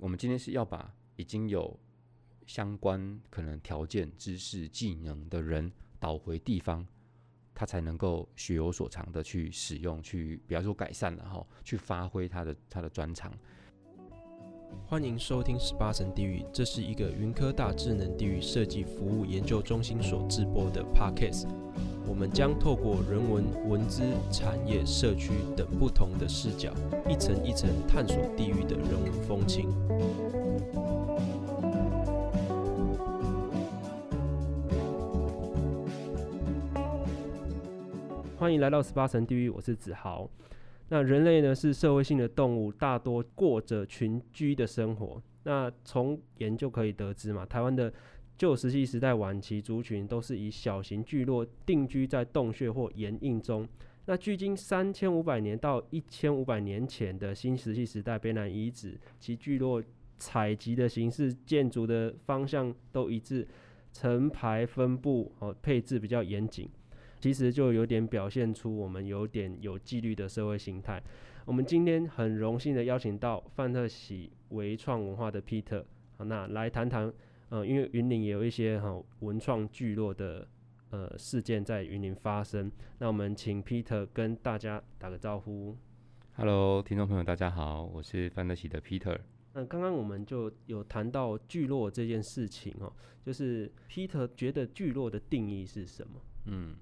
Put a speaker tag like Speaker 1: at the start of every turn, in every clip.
Speaker 1: 我們今天是要把已經有相關可能條件、知識、技能的人導回地方，他才能夠學有所長的去使用、去比方說改善了哈，然後去發揮他的他的專長。歡迎收聽《十八層地獄》，這是一個雲科大智能地域設計服務研究
Speaker 2: 中心所製播的 Podcast。我們將透過人文、文資、產業、社區等不同的視角，一層一層探索地獄的人文風情。歡迎來到《十八層地獄》，我是子豪。那人類呢，是社會性的動物，大多過着群居的生活。那從研究可以得知嘛，台灣的舊石器時代晚期族群，都是以小型聚落定居在洞穴或岩印中。那距今三千五百年到一千五百年前的新石器時代卑南遺址，其聚落採集的形式、建築的方向都一致，成排分布，呃，配置比較嚴謹。其實就有點表現出我們有點有紀律的社會形態。我們今天很榮幸的邀請到范特喜微創文化的 Peter，好那來談談，呃，因為雲林也有一些哈、哦、文創聚落的呃事件在雲林發生。那我們請 Peter 跟大家打個招呼。
Speaker 1: Hello，聽眾朋友，大家好，我是范特喜的 Peter。
Speaker 2: 那剛剛我們就有談到聚落這件事情哦，就是 Peter 覺得聚落的定義是什麼？嗯。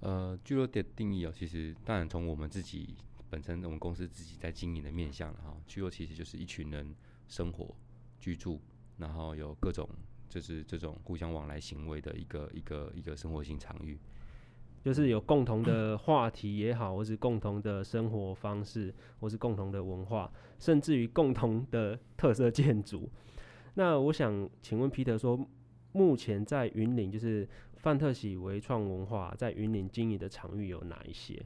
Speaker 1: 呃，聚落的定義哦，其實當然從我們自己本身，我們公司自己在經營的面向哈，聚落其實就是一群人生活居住，然後有各種就是這種互相往來行為的一個一個一個生活性場域，就是有共同的話題也
Speaker 2: 好，或是共同的生活方式，或是共同的文化，甚至於共同的特色建築。那我想請問 Peter 說，目前在雲林就是。范特喜微創文化在雲林經營的場域有哪一些？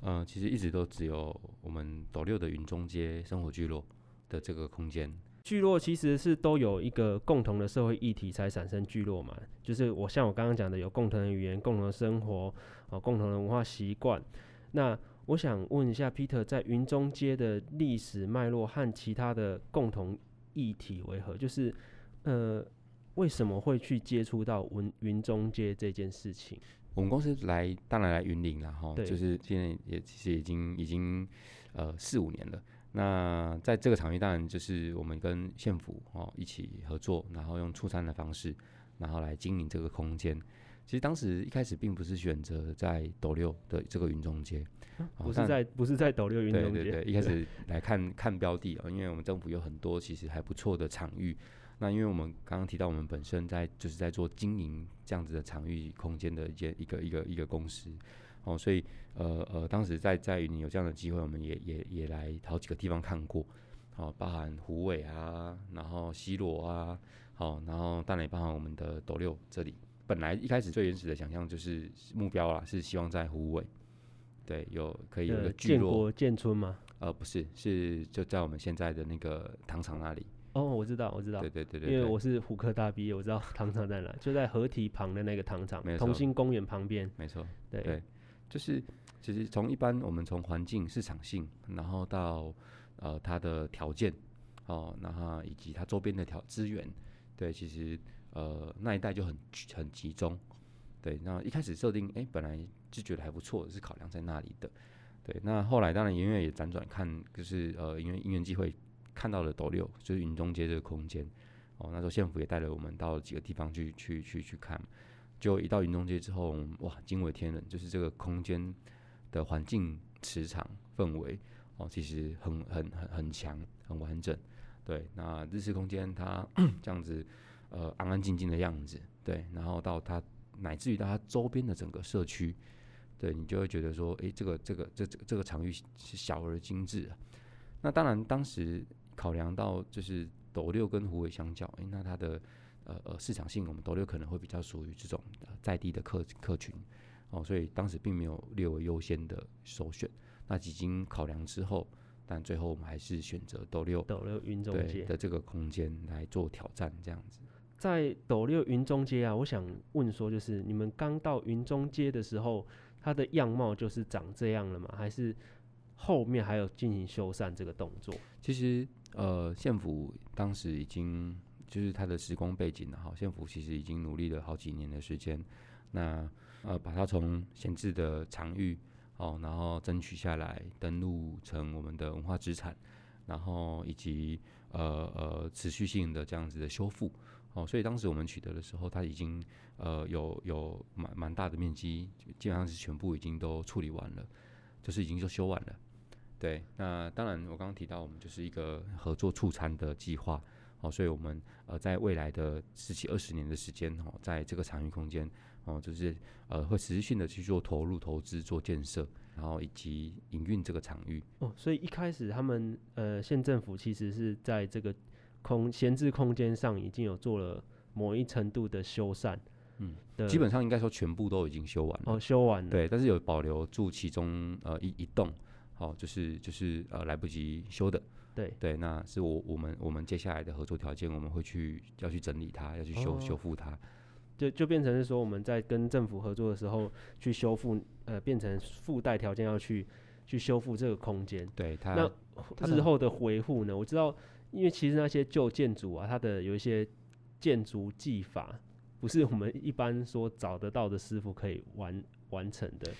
Speaker 1: 呃，其實一直都只有我們斗六的雲中街生活聚落的這個空間。
Speaker 2: 聚落其實是都有一個共同的社會議題才產生聚落嘛，就是我像我剛剛講的，有共同的語言、共同的生活啊、呃、共同的文化習慣。那我想問一下 Peter，在雲中街的歷史脈絡和其他的共同議題為何？就是呃。為什麼會去接觸到雲雲中街這件
Speaker 1: 事情？我們公司來，當然來雲林了哈，對就是現在也其實已經已經呃四五年了。那在這個場域，當然就是我們跟縣府哦一起合作，然後用促參的方式，然後來經營這個空間。其實當時一開始並不是選擇在斗六的這個雲中街，啊啊、不是在但不是在斗六雲中街，對，對，一開始對來看看標的啊，因為我們政府有很多其實還不錯的場域。那因為我們剛剛提到，我們本身在就是在做經營這樣子的場域空間的一間一個一個一個公司哦，所以呃呃，當時在在雲林有這樣的機會，我們也也也來好幾個地方看過哦，包含虎尾啊，然後西螺啊，好、哦，然後當然也包含我們的斗六這裡。本來一開始最原始的想象就是目標啦，是希望在虎尾，對，有可以有個聚落，呃、建國建村嗎？呃，不是，是就在我們現在的那個糖廠那裡。
Speaker 2: 哦，我知道，我知道，對，對對對對，因為我是虎科大畢業，我知道糖廠在哪，就在河堤旁的那個糖廠，沒錯，同心公園旁邊，沒錯，對對，
Speaker 1: 就是其實從一般我們從環境、市場性，然後到呃它的條件，哦，然後以及它周邊的條資源，對，其實呃那一帶就很很集中，對，那一開始設定，哎本來就覺得還不錯，是考量在那裡的，對，那後來當然演員也輾轉看，就是呃因為因緣機會。看到了斗六，就是雲中街這個空間哦。那時候縣府也帶了我們到幾個地方去去去去看，就一到雲中街之後，哇，驚為天人，就是這個空間的環境、磁場氛、氛圍哦，其實很很很很強、很完整。對，那日式空間它這樣子，呃，安安靜靜的樣子，對。然後到它乃至於到它周邊的整個社區，對你就會覺得說，誒、欸，這個這個這這個、這個場域是小而精緻啊。那當然當時。考量到就是斗六跟虎尾相較，哎、欸，那它的呃呃市場性，我們斗六可能會比較屬於這種在地的客客群哦，所以當時並沒有列為優先的首選。那幾經考量之後，但最後我們還是選擇斗六斗六雲中街的這個空間來做挑戰，這樣子。
Speaker 2: 在斗六雲中街啊，我想問說，就是你們剛到雲中街的時候，它的樣貌就是長這樣了嗎？還是後面還有進行修繕這個動作？其實。
Speaker 1: 呃，縣府當時已經就是它的時空背景了哈，縣府其實已經努力了好幾年的時間，那呃把它從閒置的場域哦，然後爭取下來，登錄成我們的文化資產，然後以及呃呃持續性的這樣子的修復哦，所以當時我們取得的時候，它已經呃有有蠻蠻大的面積，基本上是全部已經都處理完了，就是已經就修完了。對，那當然，我剛剛提到，我們就是一個合作促產的計劃哦，所以，我們呃，在未來的十幾二十年的時間哦，在這個場域空間哦，就是呃，會持續性的去做投入、投資、做建設，然後以及營運這個場域
Speaker 2: 哦。所以一開始，他們呃，縣政府其實是在這個空閒置空間上已經有做了某一程度的修繕，
Speaker 1: 嗯，基本上應該說全部都已經修完了哦，修完了，對，但是有保留住其中呃一一棟。哦，就是就是呃，來不及修的，對對，那是我我們我們接下來的合作條件，我們會去要去整理它，要去修、哦、修復它，就就變
Speaker 2: 成是說我們在跟政府合作的時候去修復，呃，變成附帶條件要去去修復這個空間。對，他那日後的維護呢？他的我知道，因為其實那些舊建築啊，它的有一些建築技法，不是我們一般說找得到的師傅可以完完成的。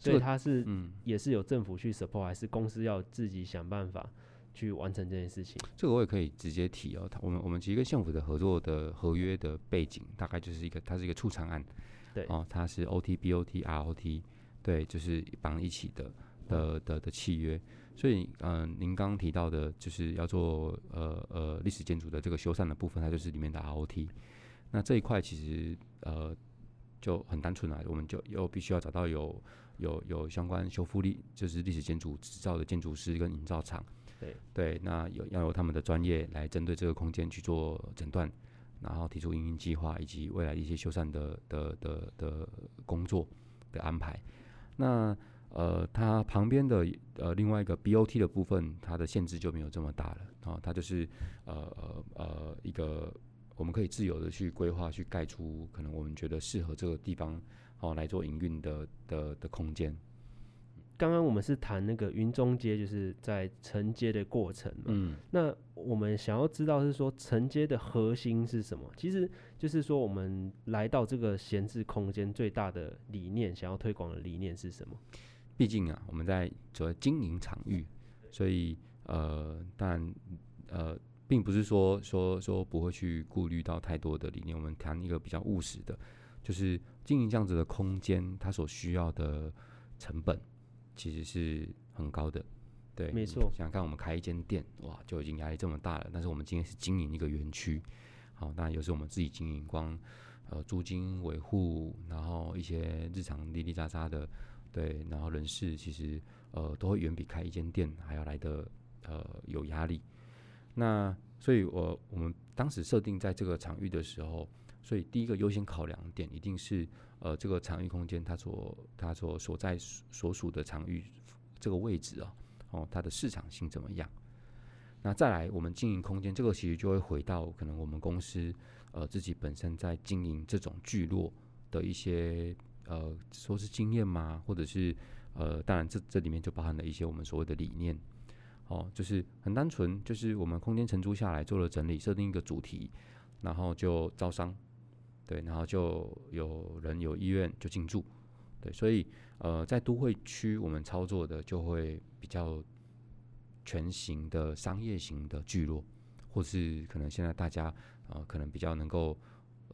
Speaker 2: 所以它是，也是有政府去 support，還是公司要自己想辦法去完成這件事情？
Speaker 1: 這個我也可以直接提哦。我們我們其實跟政府的合作的合約的背景，大概就是一個它是一個促參案，對，哦，它是 O T B O T R O T，對，就是綁一起的的的的，的契約。所以，嗯、呃，您剛提到的，就是要做呃呃歷史建築的這個修繕的部分，它就是裡面的 R O T。那這一塊其實呃就很單純的、啊，我們就又必須要找到有。有有相關修復力，就是歷史建築製造的建築師跟營造廠，對對，那有要有他們的專業來針對這個空間去做診斷，然後提出營運計劃以及未來一些修繕的的的的、的工作的安排。那呃，它旁邊的呃另外一個 B O T 的部分，它的限制，就沒有這麼大了啊，哦，它就是呃呃、呃一個我們可以自由的去規劃去蓋出可能我們覺得適合這個地方。哦，來做營運的的的空間。剛
Speaker 2: 剛我們是談那個雲中街，就是在承接的過程嘛。嗯，那我們想要知道是說承接的核心是什麼？其實就是說我們來到這個閒置空間最大的理念，想要推廣的理念是什麼？
Speaker 1: 畢竟啊，我們在主要經營場域，所以呃，但呃，並不是說說說不會去顧慮到太多的理念。我們談一個比較務實的。就是經營這樣子的空間，它所需要的成本其實是很高的。對，沒錯。想看我們開一間店，哇，就已經壓力這麼大了。但是我們今天是經營一個園區，好，那有時候我們自己經營，光呃租金維護，然後一些日常滴滴渣渣的，對，然後人事其實呃都會遠比開一間店還要來得呃有壓力。那所以我，我我們當時設定在這個場域的時候。所以第一個優先考量點一定是呃這個場域空間，它所它所所在所屬的場域這個位置啊、哦，哦它的市場性怎麼樣？那再來我們經營空間，這個其實就會回到可能我們公司呃自己本身在經營這種聚落的一些呃說是經驗嘛，或者是呃當然這這裡面就包含了一些我們所謂的理念，哦就是很單純，就是我們空間承租下來做了整理，設定一個主題，然後就招商。對，然後就有人有意願就進駐，對，所以呃，在都會區我們操作的就會比較全型的商業型的聚落，或是可能現在大家呃可能比較能夠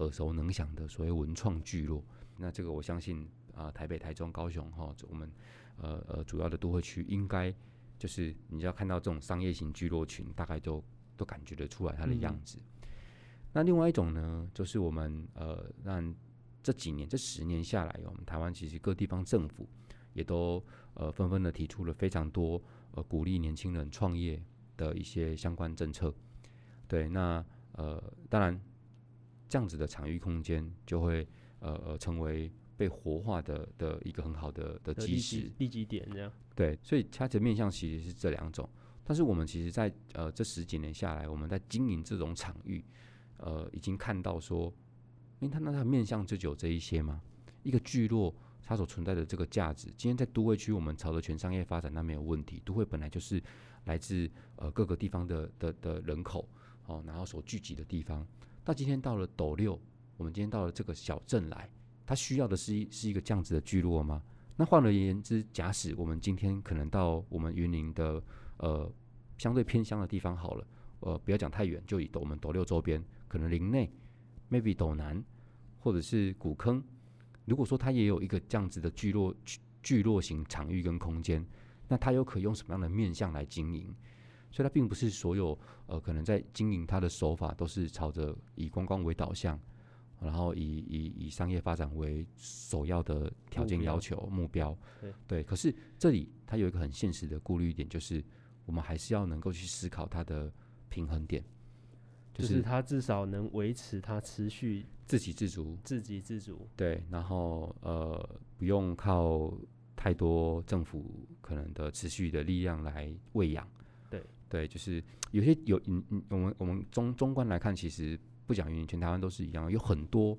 Speaker 1: 耳熟能詳的所謂文創聚落，那這個我相信啊、呃，台北、台中、高雄哈，哦、我們呃呃主要的都會區應該就是你要看到這種商業型聚落群，大概都都感覺得出來它的樣子。嗯那另外一種呢，就是我們呃，讓這幾年這十年下來，我們台灣其實各地方政府也都呃紛紛的提出了非常多呃鼓勵年輕人創業的一些相關政策。對，那呃當然這樣子的場域空間就會呃呃成為被活化的的一個很好的的基石、
Speaker 2: 聚集點這樣。
Speaker 1: 對，所以它的面向其實是這兩種，但是我們其實在，在呃這十幾年下來，我們在經營這種場域。呃，已經看到說，因為它那它面向就只有這一些嘛，一個聚落，它所存在的這個價值，今天在都會區，我們朝着全商業發展，那沒有問題。都會本來就是來自呃各個地方的的的人口，哦，然後所聚集的地方。到今天到了斗六，我們今天到了這個小鎮來，它需要的是一是一個這樣子的聚落嗎？那換而言之，假使我們今天可能到我們雲林的呃相對偏鄉的地方好了，呃，不要講太遠，就以我們斗六周邊。可能林內，maybe 斗南，或者是古坑，如果說它也有一個這樣子的聚落聚聚落型場域跟空間，那它又可以用什麼樣的面向來經營？所以它並不是所有呃，可能在經營它的手法都是朝着以觀光為導向，然後以以以商業發展為首要的條件要求目標，目標。對，對。可是這裡它有一個很現實的顧慮點，就是我們還是要能夠去思考它的平衡點。就是他
Speaker 2: 至少能維持他持續自
Speaker 1: 給自足，自給自足。對，然後呃，不用靠太多政府可能的持續的力量來餵養。對，對，就是有些有，嗯嗯，我們我們中中觀來看，其實不講原因，全台灣都是一樣，有很多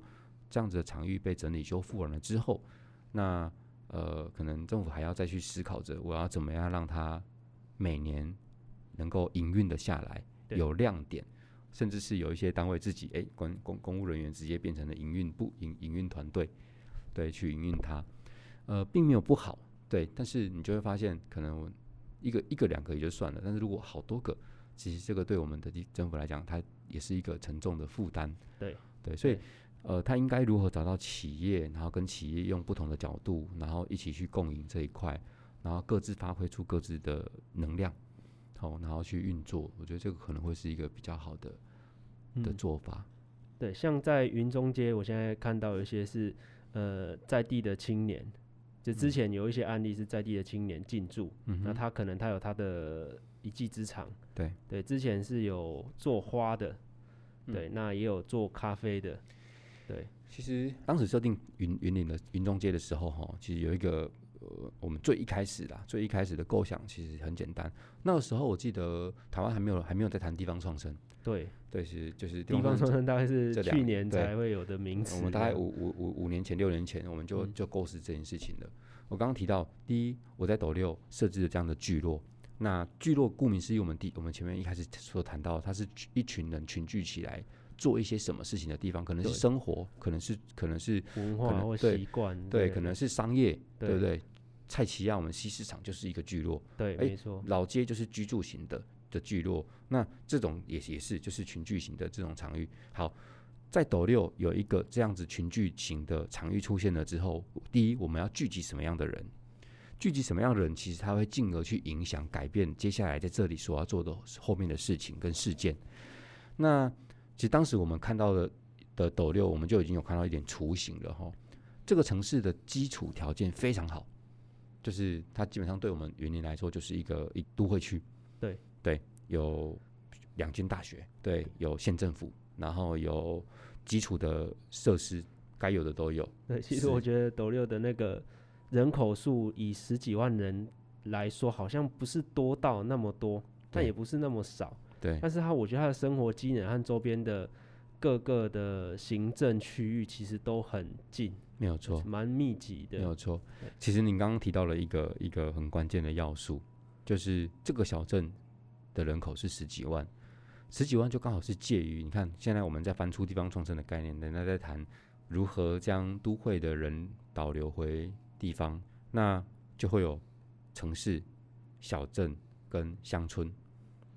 Speaker 1: 這樣子的場域被整理修復完了之後，那呃，可能政府還要再去思考着我要怎麼樣讓它每年能夠營運得下來，有亮點。甚至是有一些單位自己，哎、欸，公公公務人員直接變成了營運部、營營運團隊，對，去營運它，呃，並沒有不好，對，但是你就會發現，可能一個一個兩個也就算了，但是如果好多個，其實這個對我們的政府來講，它也是一個沉重的負擔，對對，所以，呃，他應該如何找到企業，然後跟企業用不同的角度，然後一起去共贏這一塊，然後各自發揮出各自的能量。好，然後去運作，我覺得這個可能會是一個比較好的、嗯、的做法。
Speaker 2: 對，像在雲中街，我現在看到有一些是呃在地的青年，就之前有一些案例是在地的青年進駐，嗯、那他可能他有他的一技之長。嗯、哼對對，之前是有做花的，嗯、對，那也有做咖啡的。對，其實
Speaker 1: 當時設定雲雲林的雲中街的時候，哈，其實有一個。我們最一開始啦，最一開始的構想其實很簡單。那個時候我記得台灣還沒有還沒有在談地方創生，對對，是就是地方創生大概是這去年才會有的名詞。我們大概五五五五年前六年前我們就就構思這件事情了。嗯，我剛剛提到第一，我在斗六設置了這樣的聚落。那聚落顧名思義，我們第我們前面一開始所談到，它是一群人群聚起來做一些什麼事情的地方，可能是生活，對可能是可能是文化或習慣，對，可能是商業，對不對？對對菜市仔，我們西市場就是一個聚落，對，欸、沒錯錯，老街就是居住型的的聚落。那這種也也是就是群聚型的這種場域。好，在斗六有一個這樣子群聚型的場域出現了之後，第一我們要聚集什麼樣的人？聚集什麼樣的人，其實他會進而去影響、改變接下來在這裡所要做的後面的事情跟事件。那其實當時我們看到的的斗六，我們就已經有看到一點雛形了哈。這個城市的基礎條件非常好。就是它基本上對我們雲林來說，就是一個一都會區對。對對，有兩間大學，對，有縣政府，然後有基礎的設施，該有的都有。對，其實我
Speaker 2: 覺得斗六的那個人口數，以十幾萬人來說，好像不是多到那麼多，但也不是那麼少。對，對但是他，我覺得他的生活機能和周邊的各個的行政區域其實都很近。
Speaker 1: 沒有錯，是蠻
Speaker 2: 密集的。沒有錯，
Speaker 1: 其實您剛剛提到了一個一個很關鍵的要素，就是這個小鎮的人口是十幾萬，十幾萬就剛好是介於。你看，現在我們在翻出地方創生的概念，人家在談如何將都會的人導流回地方，那就會有城市、小鎮跟鄉村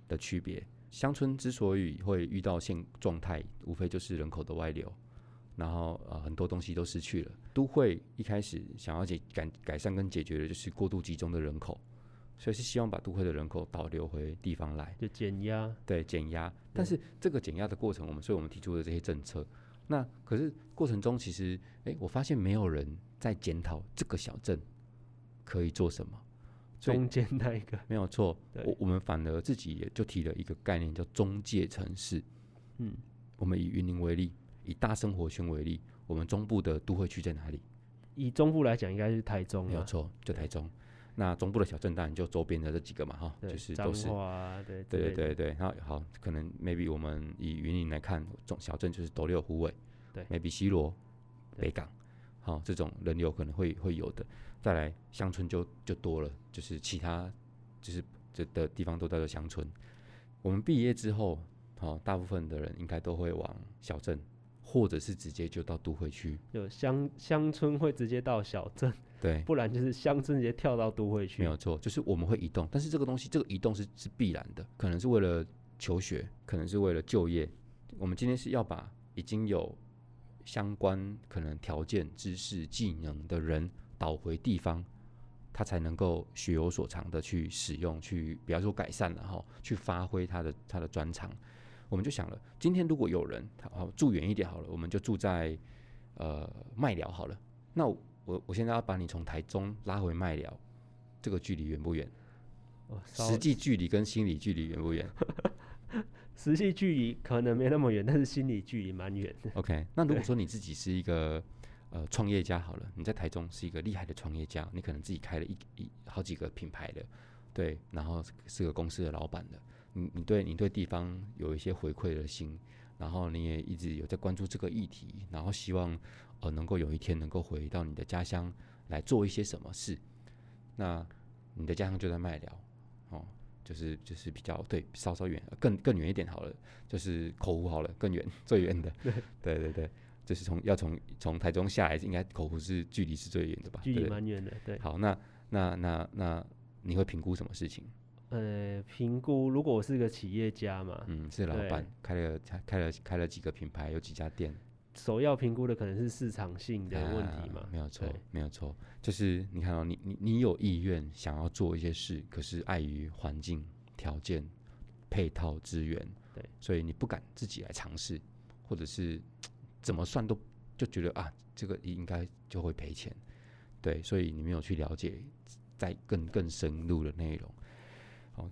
Speaker 1: 的區別。鄉村之所以會遇到現狀態，無非就是人口的外流。然後呃，很多東西都失去了。都會一開始想要解改改善跟解決的，就是過度集中的人口，所以是希望把都會的人口導流回地方來，就減壓。對，減壓。對但是這個減壓的過程，我們所以我們提出的這些政策，那可是過程中其實，哎，我發現沒有人在檢討這個小鎮可以做什麼。中間那一個沒有錯，對我我們反而自己也就提了一個概念叫中介城市。嗯，我們以雲林為例。以大生活圈為例，我們中部的都會區在哪裡？以中部來講，應該是台中、啊。沒有錯，就台中。對那中部的小鎮，當然就周邊的這幾個嘛，哈對，就是都是。啊、對對對對，好，那好，可能 maybe 我們以雲林來看，中小鎮就是斗六、虎尾。對，maybe 西螺北港，好對、哦，這種人流可能會會有的。再來，鄉村就就多了，就是其他就是這的地方都叫做鄉村。我們畢業之後，好、哦，大部分的人應該都會往小鎮。或者是直接就到都會區，
Speaker 2: 就鄉鄉村會直接到小鎮，對，不然就是鄉村直接跳到都會區，沒有
Speaker 1: 錯，就是我們會移動，但是這個東西，這個移動是是必然的，可能是為了求學，可能是為了就業，我們今天是要把已經有相關可能條件、知識、技能的人導回地方，他才能夠學有所長的去使用，去比方說改善了哈，去發揮他的他的專長。我們就想了，今天如果有人，他住遠一點好了，我們就住在呃麥寮好了。那我我現在要把你從台中拉回麥寮，這個距離遠不遠？
Speaker 2: 哦，實際
Speaker 1: 距離跟心理距離遠不遠？ 實際距離可
Speaker 2: 能沒那麼遠，但是心理距離蠻遠。
Speaker 1: OK，那如果說你自己是一個對呃創業家好了，你在台中是一個厲害的創業家，你可能自己開了一一，一好幾個品牌的，對，然後是個公司的老闆的。你你對你對地方有一些回饋的心，然後你也一直有在關注這個議題，然後希望呃能夠有一天能夠回到你的家鄉來做一些什麼事。那你的家鄉就在麥寮，哦，就是就是比較，對，稍稍遠，更更遠一點好了，就是口湖好了，更遠最遠的，對，對對對，就是從要從從台中下來，應該口湖是距離是最遠的吧？距離蠻遠的，對，對。好，那那那那你會評估什麼事情？
Speaker 2: 呃，評估，如果我是個企業家嘛，嗯，是老闆
Speaker 1: 對，開了開了開了幾個品牌，有幾家店。
Speaker 2: 首要評估的可能是市場性的問題嘛？啊、沒有錯，
Speaker 1: 對沒有錯，就是你看到、哦、你你你有意願想要做一些事，可是礙於環境條件、配套資源，對，所以你不敢自己來嘗試，或者是怎麼算都就覺得啊，這個應該就會賠錢，對，所以你沒有去了解在更更深入的內容。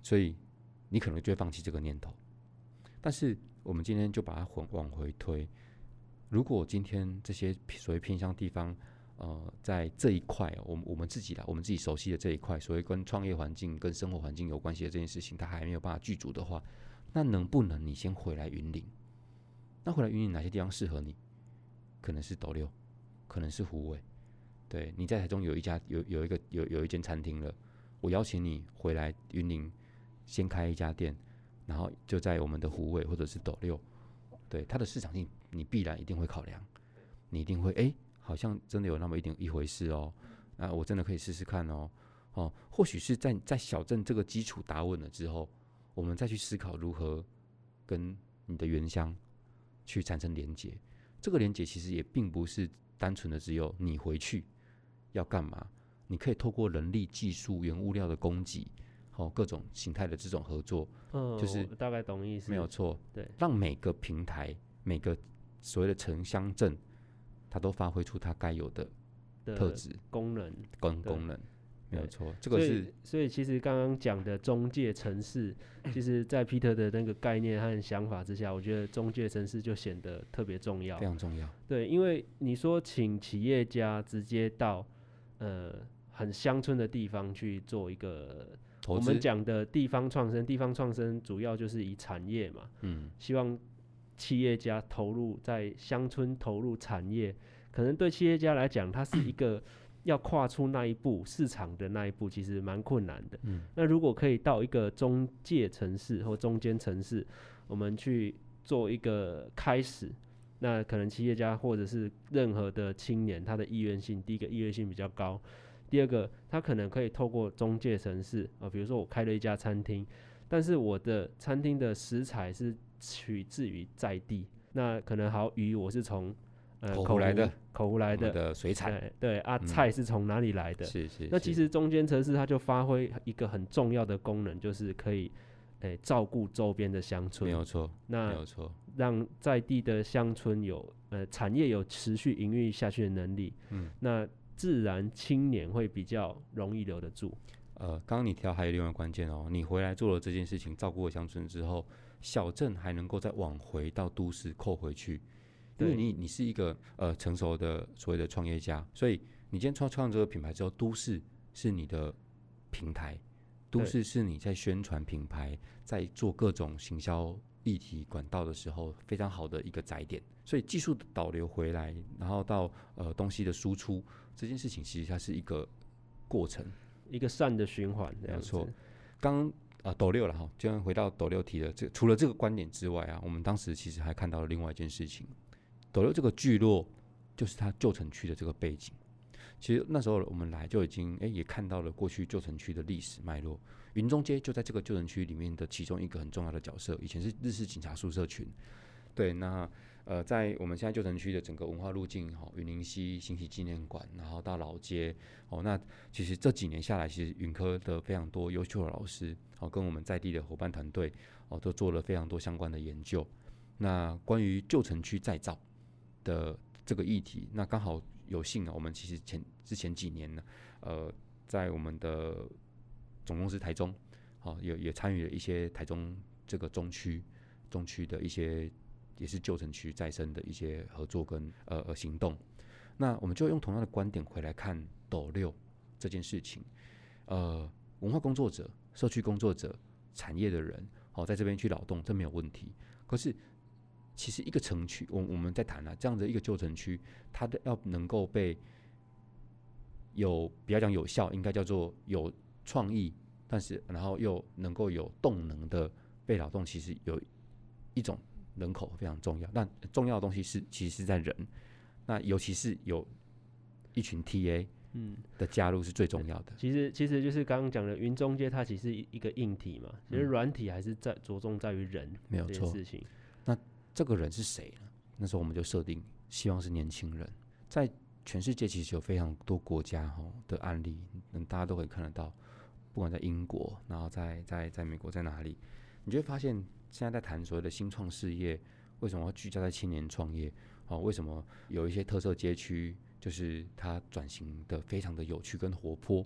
Speaker 1: 所以，你可能就會放棄這個念頭。但是，我們今天就把它往回推。如果今天這些所謂偏向地方，呃，在這一塊，我們我們自己的，我們自己熟悉的這一塊，所謂跟創業環境、跟生活環境有關係的這件事情，它還沒有辦法具足的話，那能不能你先回來雲林？那回來雲林哪些地方適合你？可能是斗六，可能是虎尾。對，你在台中有一家有有一個有有一間餐廳了，我邀請你回來雲林。先開一家店，然後就在我們的虎尾或者是斗六，對它的市場性，你必然一定會考量，你一定會哎、欸，好像真的有那麼一點一回事哦，那我真的可以試試看哦，哦，或許是在在小鎮這個基礎打穩了之後，我們再去思考如何跟你的原鄉去產生連結，這個連結其實也並不是單純的只有你回去要幹嘛，你可以透過人力、技術、原物料的供給。哦，各種形態的這種合作，嗯，就是大概懂意思，沒有錯，對，讓每個平台、每個所謂的城鄉鎮，它都發揮出它該有的特質、功能跟功能，沒有錯。這個是
Speaker 2: 所以，其實剛剛講的中介城市，其實在 Peter 的那個概念和想法之下，我覺得中介城市就顯得特別重要，非常重要。對，因為你說請企業家直接到呃很鄉村的地方去做一個。我們講的地方創生，地方創生主要就是以產業嘛，嗯，希望企業家投入在鄉村投入產業，可能對企業家來講，它是一個要跨出那一步 市場的那一步，其實蠻困難的。嗯，那如果可以到一個中介城市或中間城市，我們去做一個開始，那可能企業家或者是任何的青年，他的意願性，第一個意願性比較高。第二個，它可能可以透過中介城市啊、呃，比如說我開了一家餐廳，但是我的餐廳的食材是取自於在地，那可能好魚我是從、呃、口湖來的，口湖來的
Speaker 1: 水產，呃、對啊，嗯、菜是從哪裡來的？是是，是。那
Speaker 2: 其實中間城市它就發揮一個很重要的功能，就是可以誒、呃、照顧周邊的鄉村，沒有錯，那讓在地的鄉村有呃產業有持續營運下去的能力，
Speaker 1: 嗯，那。自然青年會比較容易留得住。呃，剛剛你提到還有另外一個關鍵哦，你回來做了這件事情，照顧了鄉村之後，小鎮還能夠再往回到都市扣回去，
Speaker 2: 因為對你
Speaker 1: 你是一個呃成熟的所謂的創業家，所以你今天創創這個品牌之後，都市是你的平台，對都市是你在宣傳品牌，在做各種行銷。立體管道、的時候，非常好的一個載點，所以技術的導流回來，然後到呃東西的輸出這件事情，其實它是一個過程，一個善的循環，這樣說。剛啊，斗六了哈，就、哦、回到斗六提的這個、除了這個觀點之外啊，我們當時其實還看到了另外一件事情，斗六這個聚落，就是它舊城區的這個背景。其實那時候我們來就已經誒、欸、也看到了過去舊城區的歷史脈絡。雲中街就在這個舊城區裡面的其中一個很重要的角色，以前是日式警察宿舍群。對，那呃，在我們現在舊城區的整個文化路徑，哈、哦，雲林溪行啟紀念館，然後到老街，哦，那其實這幾年下來，其實雲科的非常多優秀的老師，哦，跟我們在地的夥伴團隊，哦，都做了非常多相關的研究。那關於舊城區再造的這個議題，那剛好有幸啊，我們其實前之前幾年呢，呃，在我們的。總公司台中，好、哦，也也參與了一些台中這個中區，中區的一些也是舊城區再生的一些合作跟呃行動。那我們就用同樣的觀點回來看斗六這件事情。呃，文化工作者、社區工作者、產業的人，好、哦，在這邊去勞動，這沒有問題。可是，其實一個城區，我們我們在談啊，這樣的一個舊城區，它的要能夠被有，比較講有效，應該叫做有。創意，但是然後又能夠有動能的被勞動，其實有一種人口非常重要。但重要的東西是，其實是在人。那尤其是有一群 T A 嗯的加入是最重要的。
Speaker 2: 嗯、其實其實就是剛剛講的雲中街，它其實是一個硬體嘛。其實軟體還是在着重在於人，嗯，沒有錯。
Speaker 1: 那這個人是誰呢？那時候我們就設定希望是年輕人。在全世界其實有非常多國家哈的案例，嗯，大家都可以看得到。不管在英國，然後在在在美國，在哪裡，你就會發現，現在在談所謂的新創事業，為什麼會聚焦在青年創業？哦，為什麼有一些特色街區就是它轉型的非常的有趣跟活潑？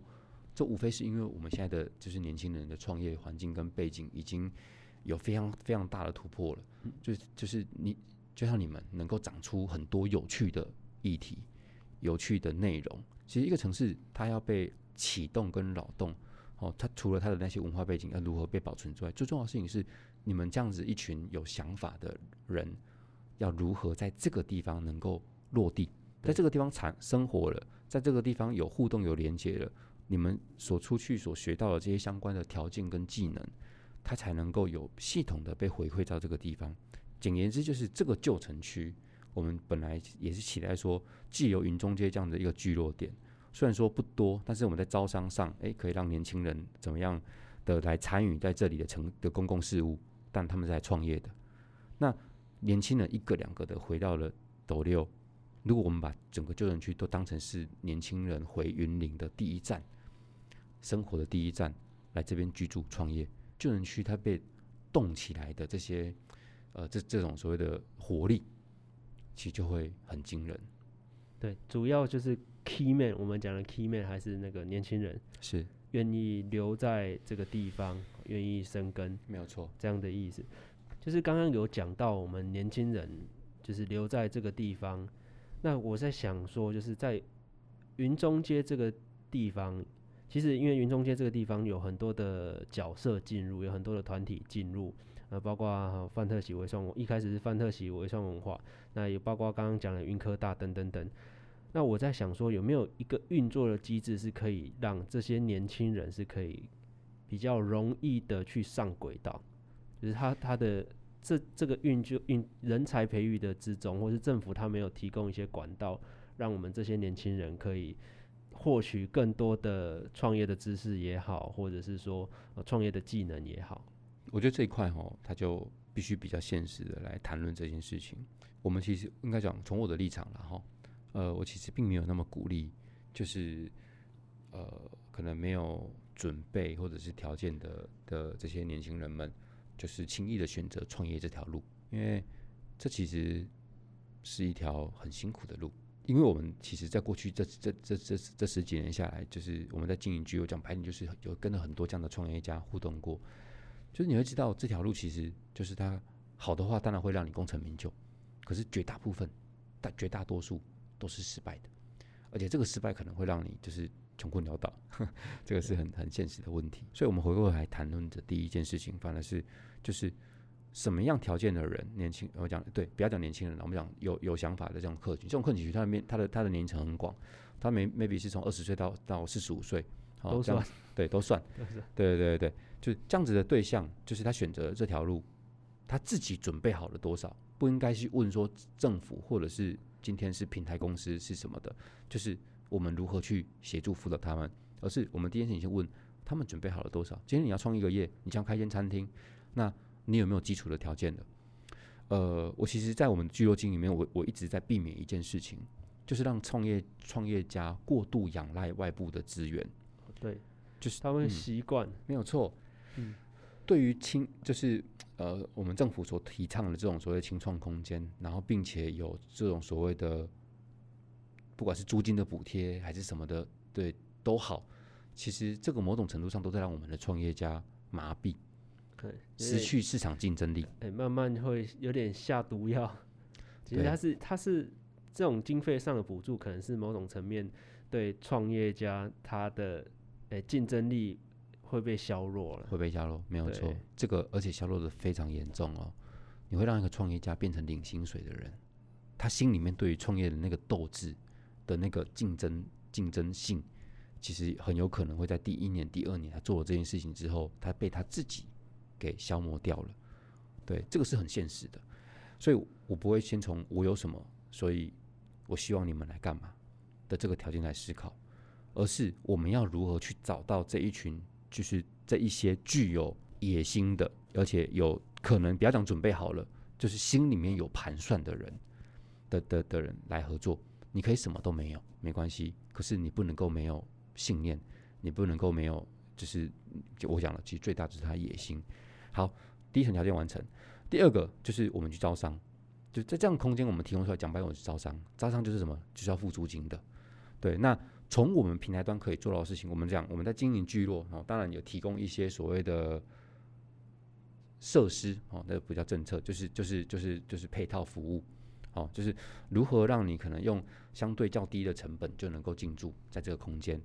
Speaker 1: 這無非是因為我們現在的就是年輕人的創業環境跟背景已經有非常非常大的突破了。嗯、就就是你就像你們能夠長出很多有趣的議題、有趣的內容。其實一個城市它要被啟動跟擾動，哦，他除了他的那些文化背景要如何被保存之外，最重要的事情是，你們這樣子一群有想法的人，要如何在這個地方能夠落地，在這個地方產生活了，在這個地方有互動有連接了，你們所出去所學到的這些相關的條件跟技能，它才能夠有系統的被回饋到這個地方。簡言之，就是這個舊城區，我們本來也是期待說，既有雲中街這樣的一個聚落點。雖然說不多，但是我們在招商上，上，哎、欸，可以讓年輕人怎麼樣的來參與在這裡的成的公共事務，但他們是在創業的。那年輕人一個兩個的回到了斗六，如果我們把整個舊城區都當成是年輕人回雲林的第一站，生活的第一站，來這邊居住創業，舊城區它被動起來的這些，呃，這這種所謂的活力，其實就會很驚人。
Speaker 2: 對，主要就是。Keyman，我們講的 Keyman 還是那個年輕人，是願意留在這個地方，願意生根，沒有錯，這樣的意思。就是剛剛有講到我們年輕人，就是留在這個地方。那我在想說，就是在雲中街這個地方，其實因為雲中街這個地方有很多的角色進入，有很多的團體進入，呃，包括范特喜微創，一開始是范特喜微創文化，那也包括剛剛講的雲科大等等等、等。那我在想說，有沒有一個運作的機制，是可以讓這些年輕人是可以比較容易的去上軌道，就是他他的這這個運就運人才培育的之中，或是政府他沒有提供一些管道，讓我們這些年輕人可以獲取更多的創業的知識也好，或者是說
Speaker 1: 創業的技能也好，我覺得這一塊哈、哦，他就必須比較現實的來談論這件事情。我們其實應該講，從我的立場了哈、哦。呃，我其實並沒有那麼鼓勵，就是呃，可能沒有準備或者是條件的的這些年輕人們，就是輕易的選擇創業這條路，因為這其實是一條很辛苦的路。因為我們其實在過去這這這這這十幾年下來，就是我們在經營局，我講白點，就是有跟了很多這樣的創業家互動過，就是你會知道這條路其實就是它好的話，當然會讓你功成名就，可是絕大部分、大絕大多數。都是失敗的，而且這個失敗可能會讓你就是窮困潦倒，這個是很對很現實的問題。所以，我們回過來談論的第一件事情，反而是就是什麼樣條件的人，年輕我講對，不要講年輕人了，我們講有有想法的這種客群，這種客群，群，他的面，他的他的年齡層很廣，它 may, maybe 是從二十歲到到四十五歲，好、哦，都算，對，都算，都算對對對對，就這樣子的對象，就是他選擇這條路，他自己準備好了多少，不應該去問說政府或者是。今天是平台公司是什麼的？就是我們如何去協助輔導他們，而是我們第一件事情先問他們準備好了多少？今天你要創一個業，你像開間餐廳，那你有沒有基礎的條件的？呃，我其實，在我們俱樂部裡面，我我一直在避免一件事情，就是讓創業創業家過度仰賴外部的資源。對，就是他們習慣，沒有錯。嗯，對於親就是。呃，我們政府所提倡的這種所謂的青創空間，然後並且有這種所謂的，不管是租金的補貼還是什麼的，對，都好。其實這個某種程度上都在讓我們的創業家麻痹，欸、失去市場競爭力、
Speaker 2: 欸。慢慢會有點下毒藥。其實它是它對是這種經費上的補助，可能是某種層面對創業家他的哎競、欸、爭力。會被削弱了，會
Speaker 1: 被削弱，沒有錯。對這個而且削弱得非常嚴重哦，你會讓一個創業家變成領薪水的人，他心裡面對於創業的那個鬥志的那個競爭競爭性，其實很有可能會在第一年、第二年他做了這件事情之後，他被他自己給消磨掉了。對，這個是很現實的。所以我不會先從我有什麼，所以我希望你們來幹嘛的這個條件來思考，而是我們要如何去找到這一群。就是在一些具有野心的，而且有可能不要講準備好了，就是心裡面有盤算的人的的的人來合作，你可以什麼都沒有沒關係，可是你不能夠沒有信念，你不能夠沒有就是就我講了，其實最大就是他的野心。好，第一層條件完成，第二個就是我們去招商，就在這樣的空間我們提供出來，講白我們是招商，招商就是什麼，就是要付租金的，對那。從我們平台端可以做到的事情，我們講，我們在經營聚落哦，當然有提供一些所謂的設施哦，那不叫政策，就是就是就是就是配套服務哦，就是如何讓你可能用相對較低的成本就能夠進駐在這個空間。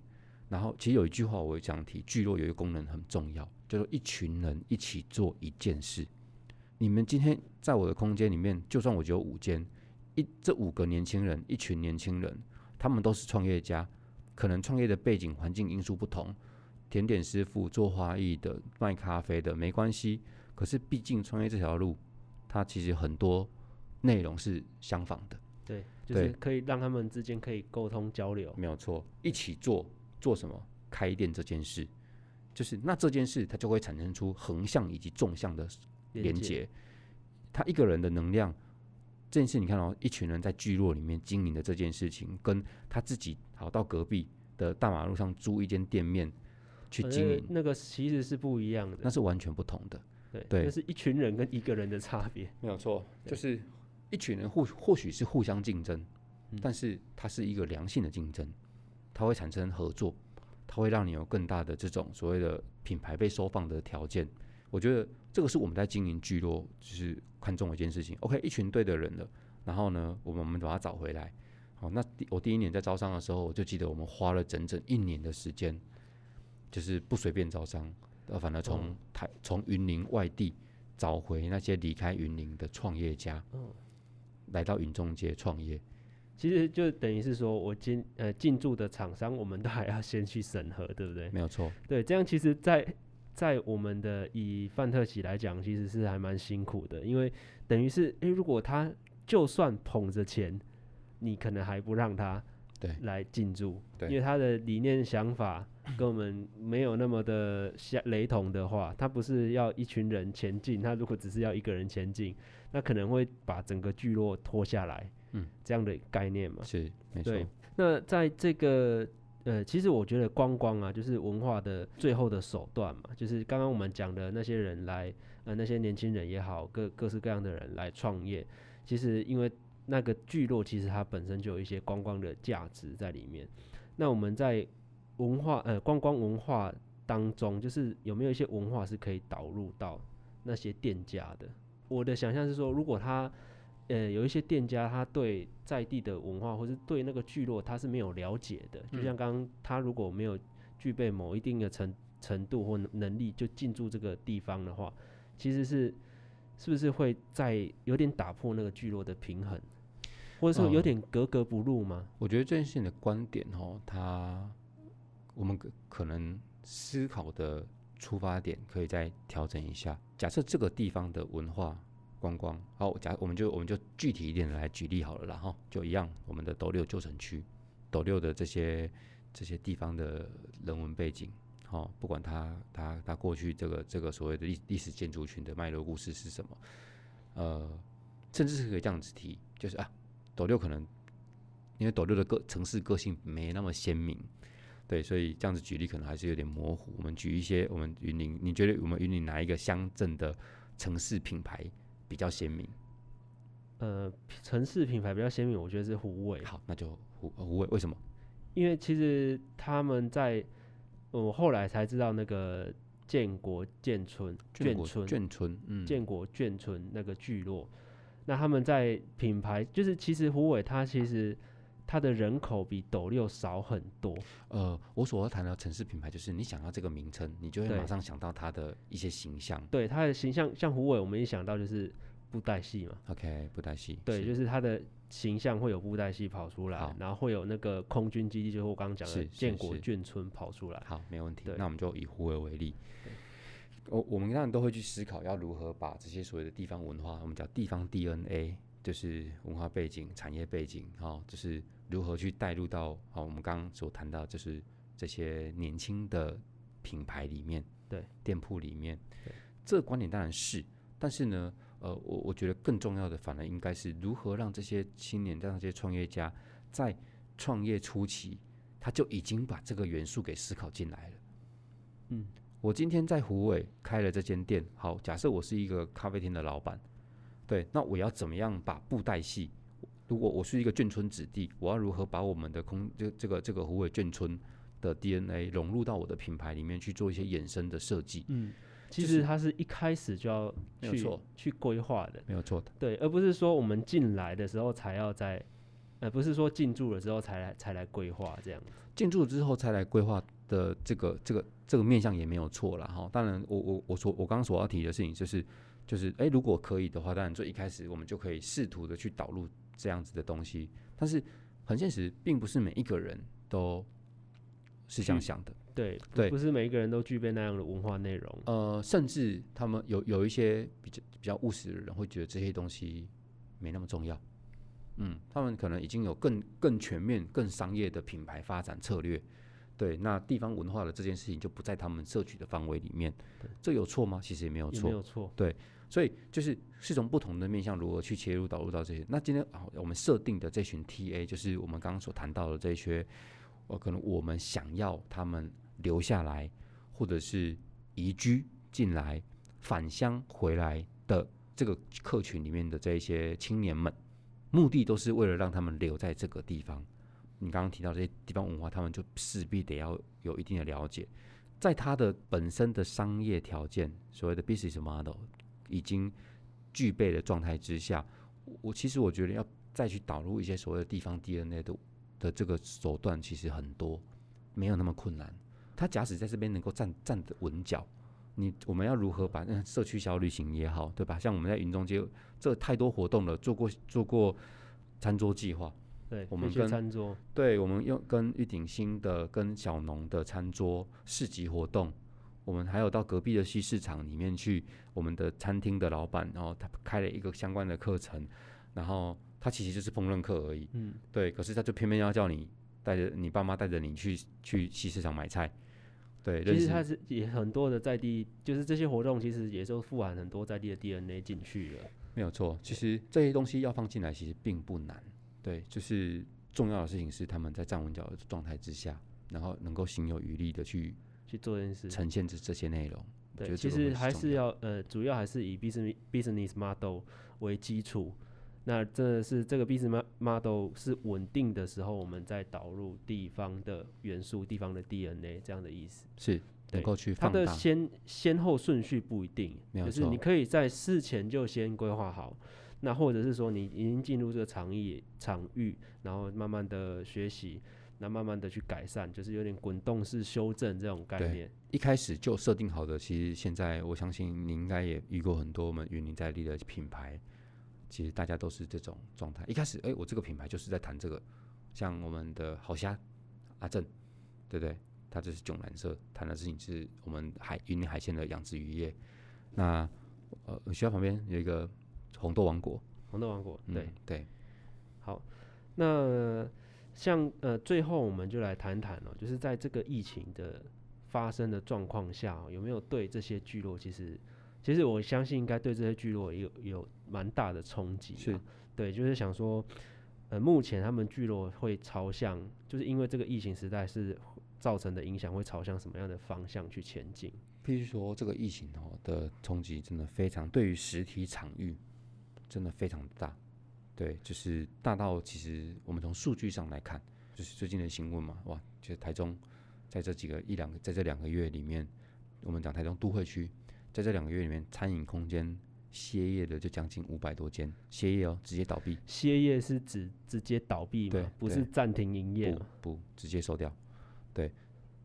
Speaker 1: 然後，其實有一句話我會這樣提，聚落有一個功能很重要，叫做一群人一起做一件事。你們今天在我的空間裡面，就算我只有五間，一這五個年輕人，一群年輕人，他們都是創業家。可能創業的背景環境因素不同，甜點師傅、做花藝的、賣咖啡的沒關係。可是，畢竟創業這條路，它其實很多內容是相仿的。對，就是
Speaker 2: 可以讓他們之間可以溝通交
Speaker 1: 流。沒有錯，一起做對做什麼？開店這件事，就是那這件事，它就會產生出橫向以及縱向的連接。他結一個人的能量。這件事，你看到一群人在聚落裡面經營的這件事情，跟他自己跑到隔壁的大馬路上租一間店面去經營，啊那
Speaker 2: 個、那個其實
Speaker 1: 是不一樣的，那是完全不同的。對，就對是一群人跟一個人的差別。沒有錯，就是對一群人或或許是互相競爭，嗯、但是它是一個良性的競爭，它會產生合作，它會讓你有更大的這種所謂的品牌被收放的條件。我覺得這個是我們在經營聚落，就是看中的一件事情。OK，一群對的人的。然後呢，我們我們把它找回來。好，那我第一年在招商的時候，我就記得我們花了整整一年的時間，就是不隨便招商，呃，反而從台從雲林外地找回那些離開雲林的創業家，嗯，來到雲中街創業。其實就等於是說我進
Speaker 2: 呃進駐的廠商，我們都還要先去審核，對不對？沒有錯。對，這樣其實在，在在我們的以范特喜來講，其實是還蠻辛苦的，因為等於是、欸，如果他就算捧着錢，你可能還不讓他對來進駐，對，因為他的理念想法跟我們沒有那麼的相雷同的話， 他不是要一群人前進，他如果只是要一個人前進，那可能會把整個聚落拖下來，嗯，這樣的概念嘛，是，沒錯。那在這個呃，其實我覺得觀光啊，就是文化的最後的手段嘛，就是剛剛我們講的那些人來，呃，那些年輕人也好，各各式各樣的人來創業，其實因為那個聚落其實它本身就有一些觀光的價值在裡面。那我們在文化，呃，觀光文化當中，就是有沒有一些文化是可以導入到那些店家的？我的想象是說，如果他呃、嗯，有一些店家，他對在地的文化，或是對那個聚落，他是沒有了解的。就像剛剛，他如果沒有具備某一定的程程度或能力，就進駐這個地方的話，其實是是不是會在有點打
Speaker 1: 破那個聚落的平衡，或者說有
Speaker 2: 點格格不入嗎？嗯、
Speaker 1: 我覺得這件事情的觀點哦，他我們可能思考的出發點可以再調整一下。假設這個地方的文化。觀光，光好，假我們就我們就具體一點來舉例好了，然、哦、後就一樣，我們的斗六舊城區，斗六的這些這些地方的人文背景，好、哦，不管它它它過去這個這個所謂的歷歷史建築群的脈絡故事是什麼，呃，甚至是可以這樣子提，就是啊，斗六可能因為斗六的個城市個性沒那麼鮮明，對，所以這樣子舉例可能還是有點模糊。我們舉一些，我們雲林，你覺得我們雲林哪一個鄉鎮的城市品牌比較鮮明，
Speaker 2: 呃，城市品牌比較鮮明，我覺得是虎尾。好，
Speaker 1: 那就虎、呃、虎尾為什麼？
Speaker 2: 因為其實他們在、呃，我後來才知道那個建國眷村，眷村，建國眷村，嗯、建國眷村那個聚落，那他們在品牌，就是其實虎尾他其實。啊它的人口比斗六
Speaker 1: 少很多。呃，我所要談到城市品牌，就是你想要這個名稱，你就會馬上想到它的一些形象。對，
Speaker 2: 對它的形象，像虎尾，我們一想到就是布袋戲嘛。OK，
Speaker 1: 布袋戲。對，是就是
Speaker 2: 它的形象會有布袋戲跑出來，好然後會有那個空軍基地，就是我剛剛講的建國眷
Speaker 1: 村跑出來。是是是好，沒問題。對那我們就以虎尾為例。對我我們一般都會去思考，要如何把這些所謂的地方文化，我們講地方 DNA，就是文化背景、產業背景，哈、哦，就是。如何去帶入到好我們剛剛所談到，就是這些年輕的品牌裡面，對店鋪裡面，對這觀點當然是。但是呢，呃，我我覺得更重要的，反而應該是如何讓這些青年，讓這些創業家在創業初期，他就已經把這個元素給思考進來了。嗯，我今天在虎尾開了這間店，好，假設我是一個咖啡廳的老板，對，那我要怎麼樣把布袋戲？如果我是一個眷村子弟，我要如何把我們的空就這個這個虎尾、這個、眷村的 DNA 融入到我的品牌裡面去做一些衍生的設計？嗯，就是、其實它是一開始就要沒有錯去規劃的，沒有錯的。的對，而不
Speaker 2: 是說我們進來的時候才要再，而、呃、不是說進駐了之後才來才來規劃
Speaker 1: 這樣。進駐之後才來規劃的這個這個這個面向也沒有錯了哈。當然我，我我我所我剛剛所要提的事情就是就是誒、欸，如果可以的話，當然最一開始我們就可以試圖的去導入。這樣子的東西，但是很現實，並不是每一個人都是這樣想的。對對，對不是每一個人都具備那樣的文化內容。呃，甚至他們有有一些比較比較務實的人，會覺得這些東西沒那麼重要。嗯，他們可能已經有更更全面、更商業的品牌發展策略。對，那地方文化的這件事情就不在他們攝取的範圍裡面。對。這有錯嗎？其實也沒有錯，沒有錯。對。所以就是是從不同的面向如何去切入導入到這些。那今天啊，我們設定的這群 TA，就是我們剛剛所談到的這一些，呃，可能我們想要他們留下來，或者是移居進來、返鄉回來的這個客群裡面的這一些青年們，目的都是為了讓他們留在這個地方。你剛剛提到這些地方文化，他們就勢必得要有一定的了解，在他的本身的商業條件，所謂的 business model。已經具備的狀態之下，我其實我覺得要再去導入一些所謂的地方 DNA 的的這個手段，其實很多沒有那麼困難。他假使在這邊能夠站站穩腳，你我們要如何把、嗯、社區小旅行也好，對吧？像我們在雲中街這太多活動了，做過做過餐桌計劃，對，我們跟餐桌，對，我們用跟玉鼎新的、跟小農的餐桌市集活動。我們還有到隔壁的西市場裡面去，我們的餐廳的老闆，然後他開了一個相關的課程，然後他其實就是烹飪課而已，嗯，對，可是他就偏偏要叫你帶着你爸媽帶着你去去西市場買菜，對。其實他
Speaker 2: 是也很多的在地，就是這些活動其實也都富含很多在地的 DNA 進去了。
Speaker 1: 沒有錯，其實這些東西要放進來其實並不難，對，就是重要的事情是他們在站穩腳的狀態之下，然後能夠行有餘力的去。去做這件事，呈現這這些內容。對，其實還是
Speaker 2: 要，呃，主要還是以 business business model 為基礎。那這是這個 business model 是穩定的時候，我們再導入地方的元素、地方的 DNA 這樣的意思。
Speaker 1: 是，對能夠去它的
Speaker 2: 先先後順序不一定，就是你可以在事前就先規劃好。那或者是說，你已經進入這個場域場域，然後慢慢的學習。那慢慢的去改善，就是有點滾動式修正這種概念。
Speaker 1: 對，一開始就設定好的，其實現在我相信你應該也遇過很多我們雲林在地的品牌，其實大家都是這種狀態。一開始，誒、欸，我這個品牌就是在談這個，像我們的好蝦阿正，對不對,對？他就是囧男社談的事情是我們海雲林海鮮的養殖漁業。那呃，學校旁邊有一個紅豆王國。紅
Speaker 2: 豆王國，對、嗯、對。好，那。像呃，最後我們就來談談哦，就是在這個疫情的發生的狀況下，喔，有沒有對這些聚落其實，其實我相信應該對這些聚落也有也有蠻大的衝擊。是、啊，對，就是想說，呃，目前他們聚落會朝向，就是因為這個疫情時代是造成的影響會朝向什麼樣的方向去前進？
Speaker 1: 必須說，這個疫情哦的衝擊真的非常，對於實體場域真的非常大。對，就是大到其實我們從數據上來看，就是最近的新聞嘛，哇，就是台中在這幾個一兩個，在這兩個月裡面，我們講台中都會區，在這兩個月裡面，餐飲空間歇業的就將近五百多間歇業哦，直接倒閉。歇業是指直接倒閉嗎？不是暫停營業哦？不，不，直接收掉。對，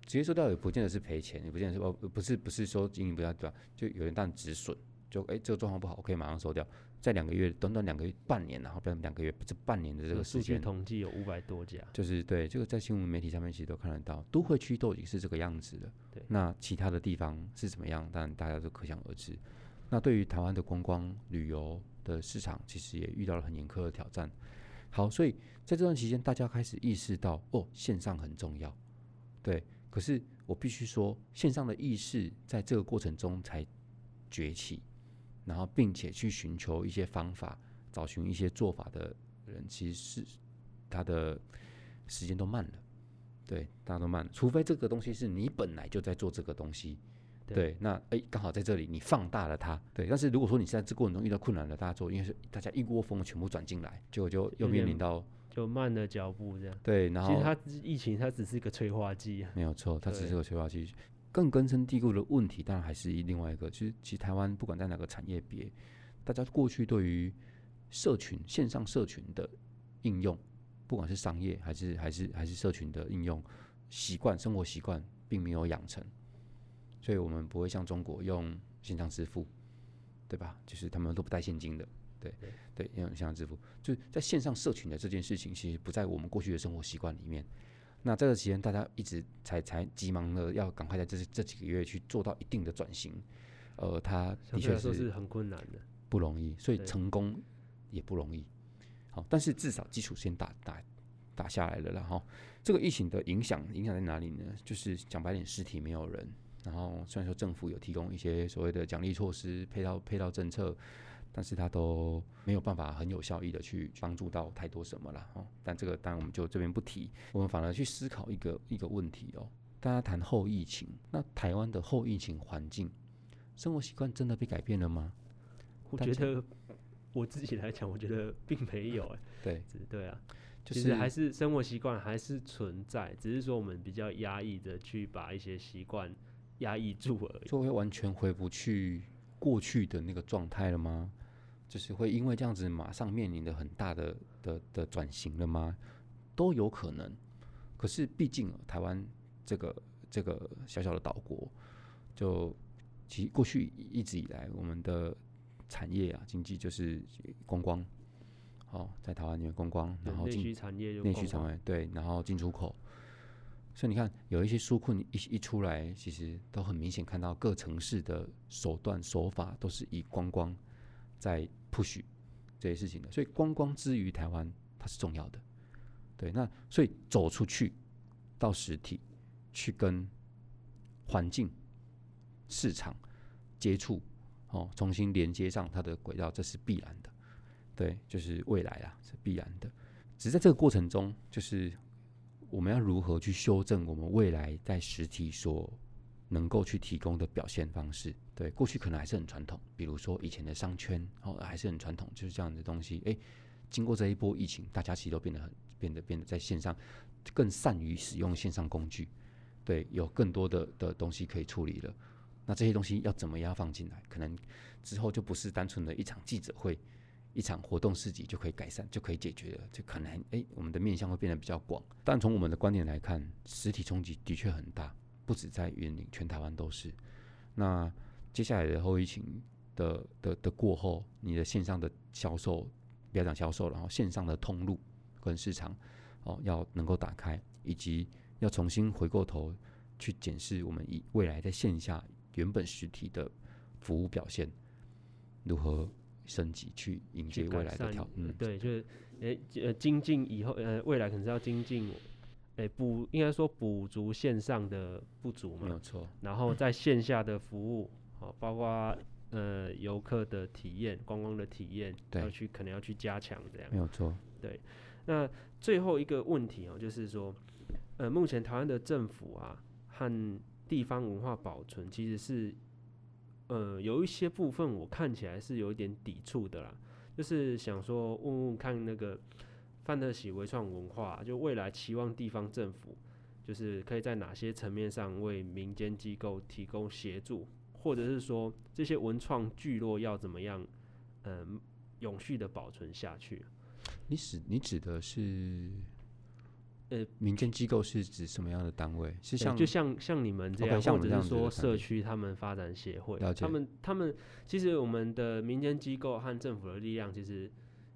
Speaker 1: 直接收掉也不見得是賠錢，也不見得是哦，不是不是說經營不要對吧？就有人當止損，就哎，這個狀況不好，我可以馬上收掉。在兩個月，短短兩個月，半年，然後不然兩個月，這半年的這個時間統
Speaker 2: 計有五百多家，
Speaker 1: 就是對這個在新聞媒體上面其實都看得到，都會區都已經是這個樣子了。對，那其他的地方是怎麼樣？但大家都可想而知。那對於台灣的觀光旅遊的市場，其實也遇到了很嚴苛的挑戰。好，所以在這段期間，大家開始意識到，哦，線上很重要。對，可是我必須說，線上的意識在這個過程中才崛起。然後，並且去尋求一些方法，找尋一些做法的人，其實是他的時間都慢了，對，大家都慢了。除非這個東西是你本來就在做這個東西，對，對。那誒，剛好在這裡你放大了它，對。但是如果說你在這過程中遇到困難了，大家做，因為是大家一窩蜂全部轉進來，結果就又面臨到
Speaker 2: 就慢的腳步這樣。對，然後其實它疫情它只是一個催化劑。沒有錯，它只是個催
Speaker 1: 化劑。更根深蒂固的問題，當然還是另外一個，其實其實台灣不管在哪個產業別，大家過去對於社群線上社群的應用，不管是商業還是還是還是社群的應用習慣生活習慣，並沒有養成，所以我們不會像中國用線上支付，對吧？就是他們都不帶現金的，對對，用線上支付，就是在線上社群的這件事情，其實不在我們過去的生活習慣裡面。那這個期間，大家一直才才急忙的要趕快在這這幾個月去做到一定的轉型，呃，他的確是很困難的，不容易，所以成功也不容易。好，但是至少基礎先打打打下來了，然後這個疫情的影響影響在哪裡呢？就是講白點，實體沒有人，然後雖然說政府有提供一些所謂的獎勵措施、配套配套政策。但是他都沒有辦法很有效益的去幫助到太多什麼了哦。但這個當然我們就這邊不提，我們反而去思考一個一個問題哦。大家談後疫情，那台灣的後疫情環境、生活習慣真的被改變了嗎？
Speaker 2: 我覺得我自己來講，我覺得並沒有哎、欸。 對，對啊，就是還是生活習慣還是存在，只是說我們比較壓抑的去把一些習慣壓抑住而
Speaker 1: 已。就會完全回不去過去的那個狀態了嗎？就是會因為這樣子，馬上面臨的很大的的的轉型了嗎？都有可能。可是畢竟、啊、台灣這個這個小小的島國，就其實過去一直以來，我們的產業啊，經濟就是觀光，哦，在台灣裡面觀光，然後內需產業，內需產業對，然後進出口。所以你看，有一些紓困一一出來，其實都很明顯看到各城市的手段手法都是以觀光在。Push 這些事情的，所以觀光之於台灣它是重要的，對，那所以走出去到實體去跟環境市場接觸，哦，重新連接上它的軌道，這是必然的，對，就是未來啊，是必然的。只是在這個過程中，就是我們要如何去修正我們未來在實體所。能夠去提供的表現方式，對，過去可能還是很傳統，比如說以前的商圈，哦，還是很傳統，就是這樣的東西。哎、欸，經過這一波疫情，大家其實都變得很變得變得在線上更善於使用線上工具，對，有更多的的東西可以處理了。那這些東西要怎麼樣放進來？可能之後就不是單純的一場記者會，一場活動市集就可以改善，就可以解決的，就可能哎、欸，我們的面向會變得比較廣。但從我們的觀點來看，實體衝擊的確很大。不止在雲林，全台灣都是。那接下來的後疫情的的的過後，你的線上的銷售，不要講銷售了，然後線上的通路跟市場，哦，要能夠打開，以及要重新回過頭去檢視我們以未來在線下原本實體的服務表現如何升級，去迎接未來的挑戰。嗯、
Speaker 2: 對，就是誒，呃，精進以後，呃，未來可能是要精進。補、欸、應該說補足線上的不足嘛，沒有錯。然後在線下的服務，嗯啊、包括呃遊客的體驗、觀光的體驗，對要去可能要去加強這樣，沒有錯。對，那最後一個問題啊，就是說，呃，目前台灣的政府啊和地方文化保存其實是，呃，有一些部分我看起來是有一點抵觸的啦，就是想說問問看那個。范特喜微創文化、啊、就未來期望地方政府就是可以在哪些層面上為民間機構提供協助，或者是說這些文創聚落要怎麼樣，嗯、呃，永續的保存下
Speaker 1: 去、啊？你指你指的是，呃，民間機構是指什麼樣的單位？是像、呃、就像像你們這樣，okay, 或者是說社區
Speaker 2: 他們發展協會？他們他們其實我們的民間機構和政府的力量其實。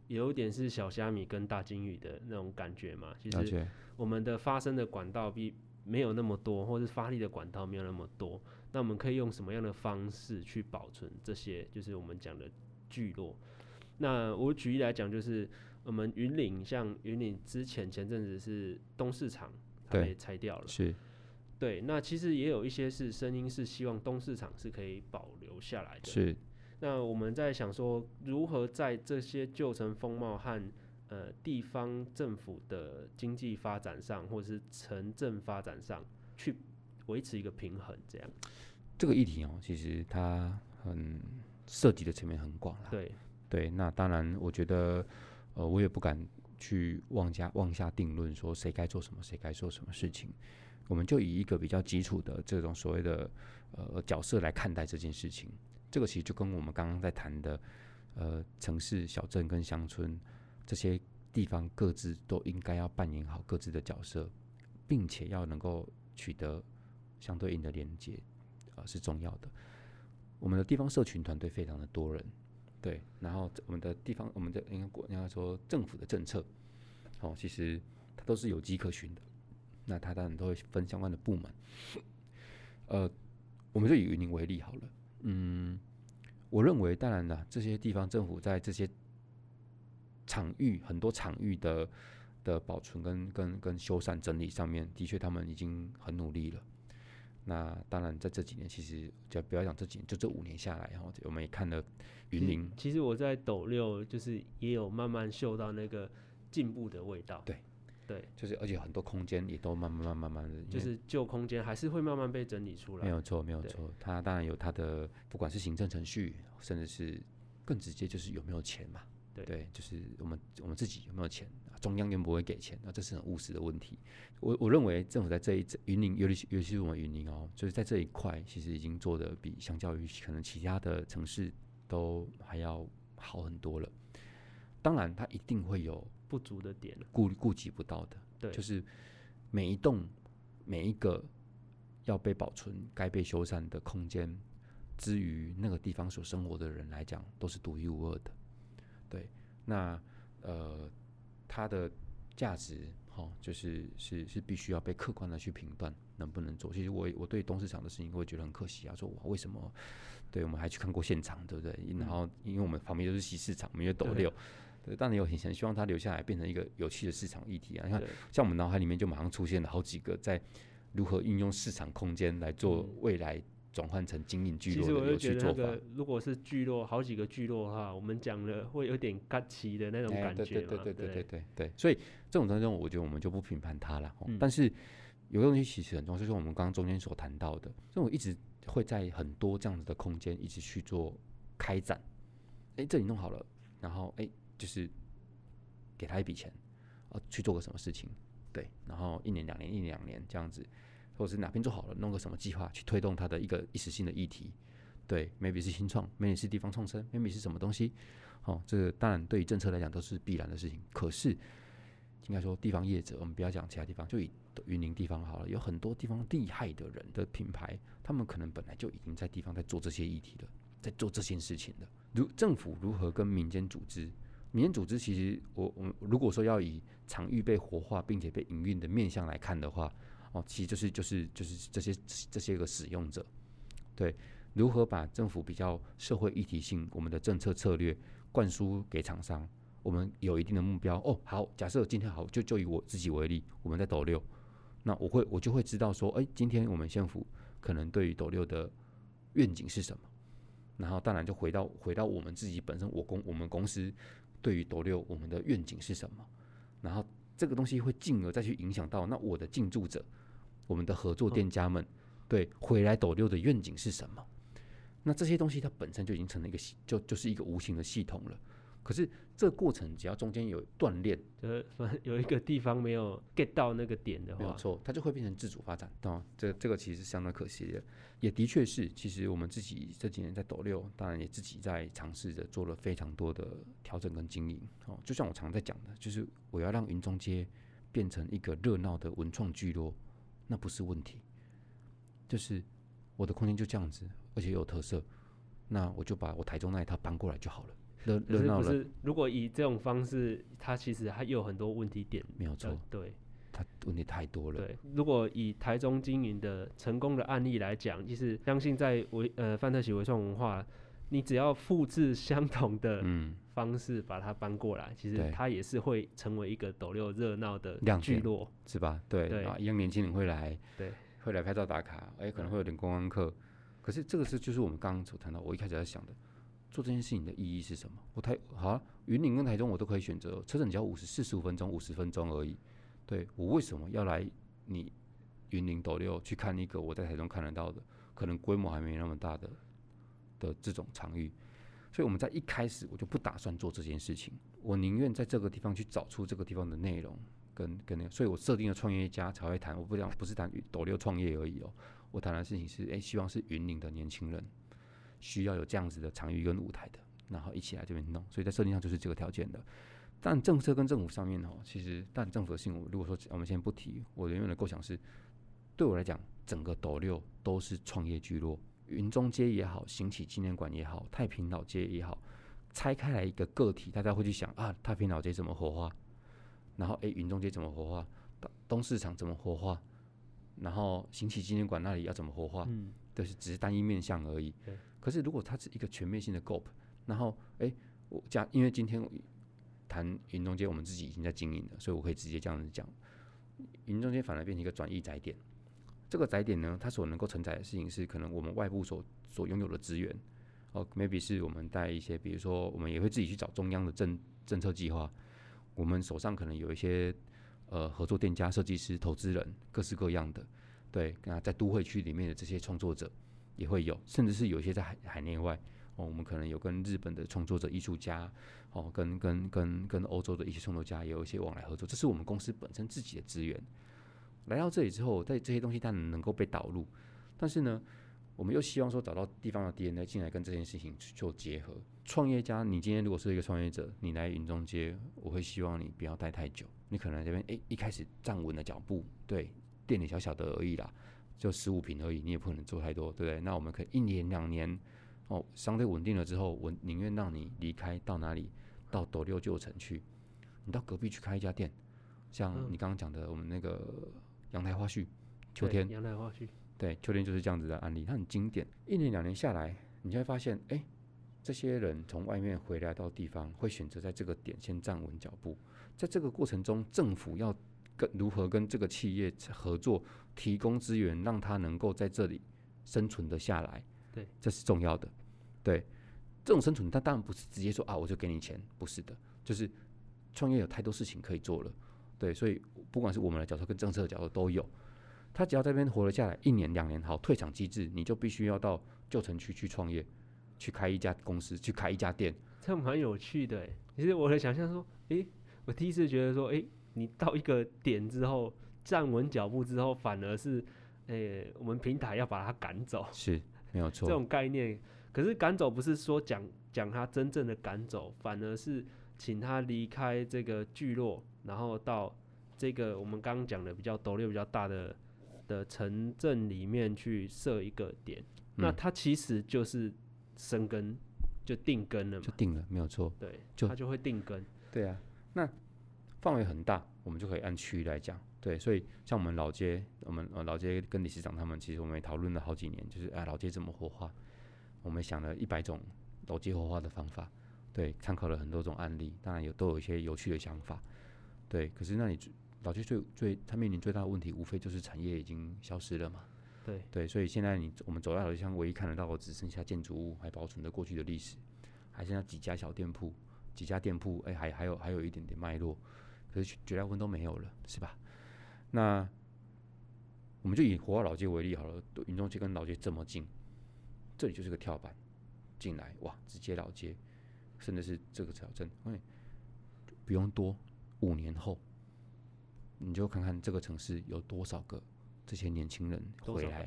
Speaker 2: 有一點是小蝦米跟大鯨魚的那種感覺嘛，其實我們的發聲的管道，比沒有那麼多，或者是發力的管道沒有那麼多，那我們可以用什麼樣的方式去保存這些？就是我們講的聚落。那我舉例來講，就是我們雲林，像雲林之前前陣子是東市場，它被拆掉了，對是對。那其實也有一些是聲音，是希望東市場是可以保留下來的。那我們在想說，如何在這些舊城風貌和呃地方政府的經濟發展上，或者是城鎮發展上，去維持一個平衡？這樣，
Speaker 1: 這個議題哦，其實它很涉及的層面很廣啦。對對，那當然，我覺得呃，我也不敢去妄加妄下定論，說誰該做什麼，誰該做什麼事情。我們就以一個比較基礎的這種所謂的呃角色來看待這件事情。這個其實就跟我們剛剛在談的，呃，城市、小鎮跟鄉村這些地方各自都應該要扮演好各自的角色，並且要能夠取得相對應的連接，呃，是重要的。我們的地方社群團隊非常的多人，對，然後我們的地方，我們的應該國家說政府的政策，哦，其實它都是有跡可循的。那它當然都會分相關的部門，呃，我們就以雲林為例好了，嗯。我認為，當然了，這些地方政府在這些場域很多場域的的保存跟跟跟修繕整理上面，的確他們已經很努力了。那當然，在這幾年，其實就不要講這幾年，就這五年下來，然後我們也看了雲林，嗯，其實我在斗六，
Speaker 2: 就是也有慢慢嗅到那個進步的味道。對。對，就是而且很
Speaker 1: 多空間也都慢慢、慢、慢慢的，就是
Speaker 2: 舊空間還是會慢慢被整理出來。為沒有錯，沒有錯，
Speaker 1: 它對當然有它的，不管是行政程序，甚至是更直接就是有沒有錢嘛。對，對就是我們我們自己有沒有錢，中央又不會給錢，那這是很務實的問題。我我認為政府在這一雲林，尤其尤其是我們雲林哦，就是在這一塊其實已經做得比相較於可能其他的城市都還要好很多了。當然，它一定會有。
Speaker 2: 不足的點了，
Speaker 1: 顧顧及不到的，對，就是每一棟、每一個要被保存、該被修繕的空間，之於那個地方所生活的人來講，都是獨一無二的。對，那呃，它的價值哈、哦，就是是是必須要被客觀的去評斷能不能做。其實我我對東市場的事情，會覺得很可惜啊，說我為什麼？對我們還去看過現場，對不對？然後、嗯、因為我們旁邊就是西市場，我們有斗六。當然有很想希望它留下來，變成一個有趣的市場議題啊！你看，像我們腦海裡面就馬上出現了好幾個，在如何運用市場空間來做未來轉換成經營聚落的有趣做法，嗯。
Speaker 2: 如果是聚落好幾個聚落哈，我們講了會有點割鰭的那種感覺，對對對對對，對，對，對，對，對，
Speaker 1: 對所以這種當中，我覺得我們就不評判它了。但是有個東西其實很重要，就是我們剛剛中間所談到的，所以我一直會在很多這樣子的空間一直去做開展。哎、欸，這裡弄好了，然後哎。欸就是給他一筆錢啊，去做個什麼事情，對，然後一年兩年、一年兩年這樣子，或者是哪邊做好了，弄個什麼計劃去推動他的一個一時性的議題，對，maybe 是新創，maybe 是地方創生，maybe 是什麼東西？哦，這個當然對於政策來講都是必然的事情。可是應該說，地方業者，我們不要講其他地方，就以雲林地方好了，有很多地方厲害的人的品牌，他們可能本來就已經在地方在做這些議題了，在做這些事情了。如政府如何跟民間組織？民間組織其實，我我如果說要以場域被活化並且被營運的面向來看的話，哦，其實就是就是就是這些這些個使用者，對如何把政府比較社會議題性我們的政策策略灌輸給廠商，我們有一定的目標哦。好，假設今天好，就就以我自己為例，我們在斗六，那我會我就會知道說，哎，今天我們縣府可能對於斗六的願景是什麼？然後當然就回到回到我們自己本身，我公我們公司。對於斗六，我們的願景是什麼？然後這個東西會進而再去影響到，那我的進駐者，我們的合作店家們，哦、對回來斗六的願景是什麼？那這些東西它本身就已經成了一個系，就就是一個無形的系統了。可是這過程只要中間有斷裂，
Speaker 2: 就是有一個地方沒有 get 到那個點的話，哦、沒有錯，
Speaker 1: 它就會變成自主發展。哦，這個、這個其實相當可惜的，也的確是。其實我們自己這幾年在斗六，當然也自己在嘗試着做了非常多的調整跟經營。哦，就像我常在講的，就是我要讓雲中街變成一個熱鬧的文創聚落，那不是問題。就是我的空間就這樣子，而且有特色，那我就把我台中那一套搬過來就好了。可是可是，
Speaker 2: 如果以這種方式，它其實還有很多問題點。沒有錯，對，
Speaker 1: 它問題太多了。對，
Speaker 2: 如果以台中經營的成功的案例來講，就是相信在微呃范特喜微創文化，你只要複製相同的方式把它搬過來，嗯、其實它也是會成為一個斗六熱鬧的聚落
Speaker 1: 亮，是吧？對，對啊，一樣年輕人會來，對，會來拍照打卡，誒、欸，可能會有點觀光客。嗯、可是這個是就是我們剛剛所談到，我一開始在想的。做這件事情的意義是什麼？我台好啊，雲林跟台中我都可以選擇，車程只要五十四十五分鐘，五十分鐘而已。對，我為什麼要來你雲林斗六去看一個我在台中看得到的，可能規模還沒那麼大的的這種場域？所以我們在一開始我就不打算做這件事情，我寧願在這個地方去找出這個地方的內容跟跟那個。所以我設定了創業家才會談，我不講不是談斗六創業而已哦，我談的事情是哎、欸，希望是雲林的年輕人。需要有這樣子的場域跟舞台的，然後一起來這邊弄，所以在設定上就是這個條件的。但政策跟政府上面哦，其實但政府的信物，如果說我們先不提，我原本的構想是，對我來講，整個斗六都是創業聚落，雲中街也好，行啟紀念館也好，太平老街也好，拆開來一個個體，大家會去想啊，太平老街怎麼活化，然後誒、雲、欸、中街怎麼活化，東市場怎麼活化，然後行啟紀念館那裡要怎麼活化，嗯，都是只是單一面向而已。可是，如果它是一個全面性的 g o p 然後，誒、欸，我加，因為今天談雲中街，我們自己已經在經營了，所以我可以直接這樣子講，雲中街反而變成一個轉移載點。這個載點呢，它所能夠承載的事情是，可能我們外部所所擁有的資源哦，maybe 是我們帶一些，比如說，我們也會自己去找中央的政政策計劃，我們手上可能有一些呃合作店家、設計師、投資人，各式各樣的，對，那在都會區裡面的這些創作者。也會有，甚至是有一些在海海內外，哦，我們可能有跟日本的創作者、藝術家，哦，跟跟跟跟歐洲的一些創作家也有一些往來合作，這是我們公司本身自己的資源。來到這裡之後，在這些東西它能夠被導入，但是呢，我們又希望說找到地方的 DNA 來進來跟這件事情去做結合。創業家，你今天如果是一個創業者，你來雲中街，我會希望你不要待太久。你可能這邊，誒、欸、一開始站穩了腳步，對，店裡小小的而已啦。就十五坪而已，你也不可能做太多，對不對？那我們可以一年兩年，哦，相對穩定了之後，我寧願讓你離開，到哪裡？到斗六舊城去，你到隔壁去開一家店，像你剛剛講的，我們那個陽台花絮，秋天，陽
Speaker 2: 台花絮，
Speaker 1: 對，秋天就是這樣子的案例，它很經典。一年兩年下來，你就會發現，哎，這些人從外面回來到地方，會選擇在這個點先站穩腳步，在這個過程中，政府要。跟如何跟這個企業合作，提供資源，讓他能夠在這裡生存得下來，對，這是重要的。對，這種生存，他當然不是直接說啊，我就給你錢，不是的，就是創業有太多事情可以做了。對，所以不管是我們的角色跟政策的角度都有，他只要在這邊活了下來，一年兩年好退場機制，你就必須要到舊城區去創業，去開一家公司，去開一家店，
Speaker 2: 這蠻有趣的、欸。其實我的想象說，誒、欸，我第一次覺得說，誒、欸……你到一個點之後，站穩腳步之後，反而是，誒、欸，我們平台要把它趕走，是沒有錯。這種概念，可是趕走不是說講講他真正的趕走，反而是請他離開這個聚落，然後到這個我們剛剛講的比較斗六比較大的的城鎮裡面去設一個點，嗯、那他其實就是生根，就定根了嘛，就定了，沒有錯。對，就他就會定根。
Speaker 1: 對啊，那。範圍很大，我們就可以按區域來講，對，所以像我們老街，我們、呃、老街跟理事長他們，其實我們也討論了好幾年，就是啊，老街怎麼活化？我們想了一百種老街活化的方法，對，參考了很多種案例，當然有都有一些有趣的想法，對。可是那你老街最最，它面臨最大的問題，無非就是產業已經消失了嘛，對對，所以現在你我們走到老街巷，唯一看得到的只剩下建築物，還保存着過去的歷史，還剩下幾家小店鋪，幾家店鋪，哎、欸，還有還有還有一點點脈絡。絕大部分都沒有了，是吧？那我們就以活化老街為例好了。雲中街跟老街這麼近，這裡就是個跳板，進來哇，直接老街，甚至是這個小鎮，哎，不用多。五年後，你就看看這個城市有多少個這些年輕人回來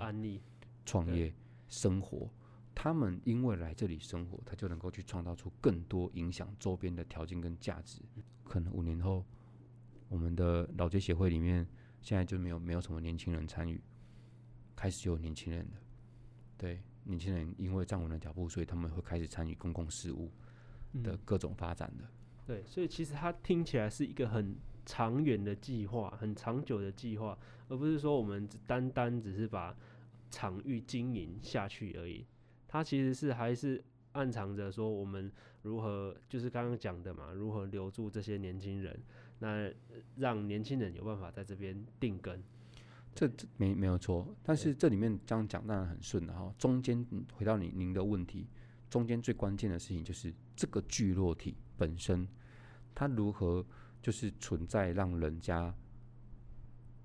Speaker 1: 創業、生活。他們因為來這裡生活，他就能夠去創造出更多影響周邊的條件跟價值。可能五年後。我們的老街協會裡面，現在就沒有沒有什麼年輕人參與，開始就有年輕人的，對，年輕人因為站穩了腳步，所以他們會開始參與公共事務的各種發展的、
Speaker 2: 嗯。對，所以其實它聽起來是一個很長遠的計劃，很長久的計劃，而不是說我們只單單只是把場域經營下去而已。它其實是還是暗藏着說我們如何，就是剛剛講的嘛，如何留住這些年輕人。那讓年輕人有辦法在這邊定根
Speaker 1: 這，這沒沒有錯，對但是這裡面這樣講當然很順的、啊、哈。中間回到你您的問題，中間最關鍵的事情就是這個聚落體本身，它如何就是存在，讓人家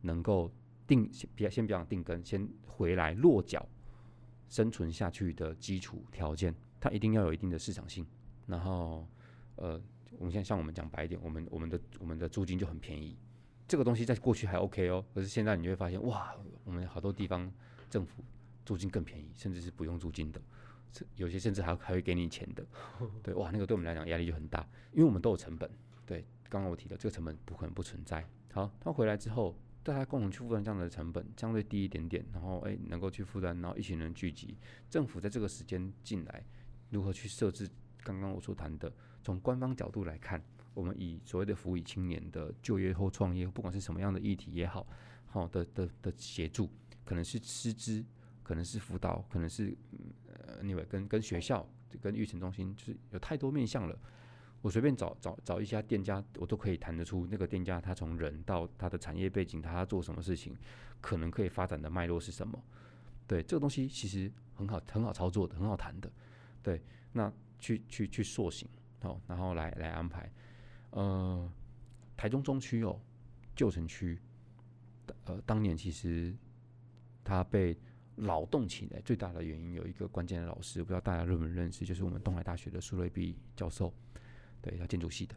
Speaker 1: 能夠定，先別，先不要定根，先回來落腳、生存下去的基礎條件，它一定要有一定的市場性，然後呃。我們現在像我們講白一點，我們我們的我們的租金就很便宜，這個東西在過去還 OK 哦。可是現在你就會發現，哇，我們好多地方政府租金更便宜，甚至是不用租金的，有些甚至還還會給你錢的。對，哇，那個對我們來講壓力就很大，因為我們都有成本。對，剛剛我提的這個成本不可能不存在。好，他回來之後，大家共同去負擔這樣的成本，相對低一點點，然後誒，能夠去負擔，然後一群人聚集，政府在這個時間進來，如何去設置？剛剛我所談的。從官方角度來看，我們以所謂的服務於青年的就業或創業，不管是什麼樣的議題也好，好的的的協助，可能是師資，可能是輔導，可能是呃，因、嗯、為跟跟學校跟育成中心就是有太多面向了。我隨便找找找一家店家，我都可以談得出那個店家他從人到他的產業背景，他要做什麼事情，可能可以發展的脈絡是什麼。對，這個東西其實很好很好操作的，很好談的。對，那去去去塑形。哦，然後來來安排，呃，台中中區哦，舊城區，呃，當年其實他被勞動起來最大的原因有一個關鍵的老師，我不知道大家認不認識，就是我們東海大學的蘇睿弼教授，對，他建築系的，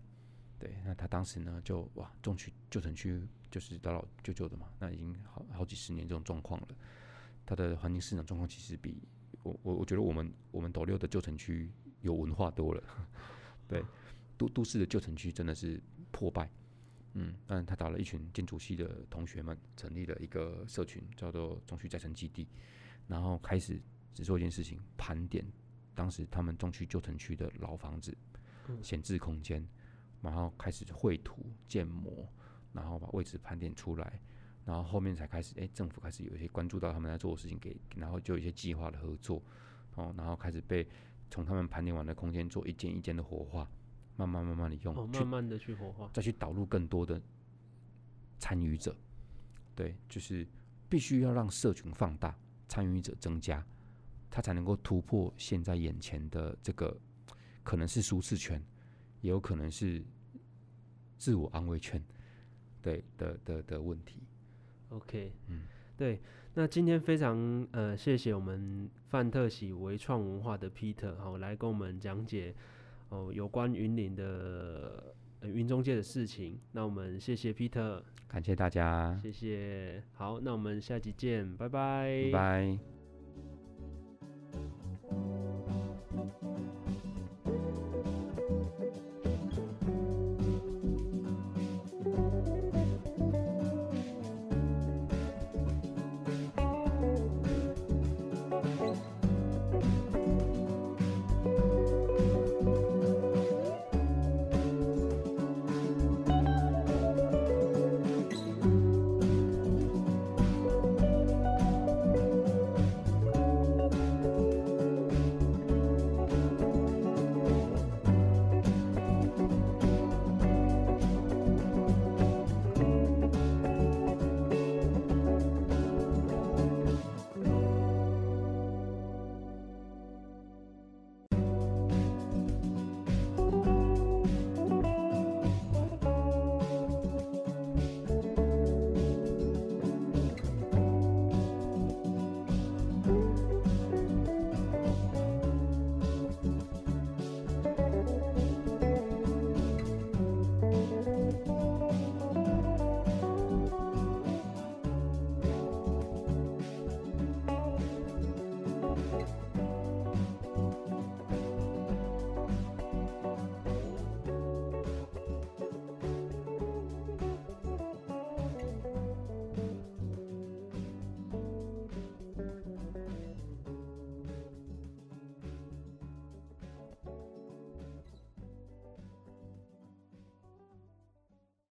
Speaker 1: 對，那他當時呢就哇，中區舊城區就是老老舊的嘛，那已經好好幾十年這種狀況了，它的環境市場狀況其實比我我我覺得我們我們斗六的舊城區有文化多了。對，都都市的舊城區真的是破敗，嗯，但他找了一群建築系的同學們，成立了一個社群，叫做中區再生基地，然後開始只做一件事情，盤點當時他們中區舊城區的老房子，閒、嗯、置空間，然後開始繪圖建模，然後把位置盤點出來，然後後面才開始，哎，政府開始有一些關注到他們在做的事情，給然後就有一些計劃的合作，哦，然後開始被。從他們盤點完的空間做一件一件的活化，慢慢慢慢的用，哦、去
Speaker 2: 慢慢的去活化，再
Speaker 1: 去導入更多的參與者，對，就是必須要讓社群放大，參與者增加，他才能夠突破現在眼前的這個可能是舒適圈，也有可能是自我安慰圈，對的的的問題。
Speaker 2: OK，嗯，對。那今天非常呃，謝謝我們范特喜微創文化的 Peter 好，來跟我們講解哦，有關雲林的、呃、雲中街的事情。那我們謝謝 Peter，
Speaker 1: 感謝大家，
Speaker 2: 謝謝。好，那我們下集見，拜拜，拜
Speaker 1: 拜。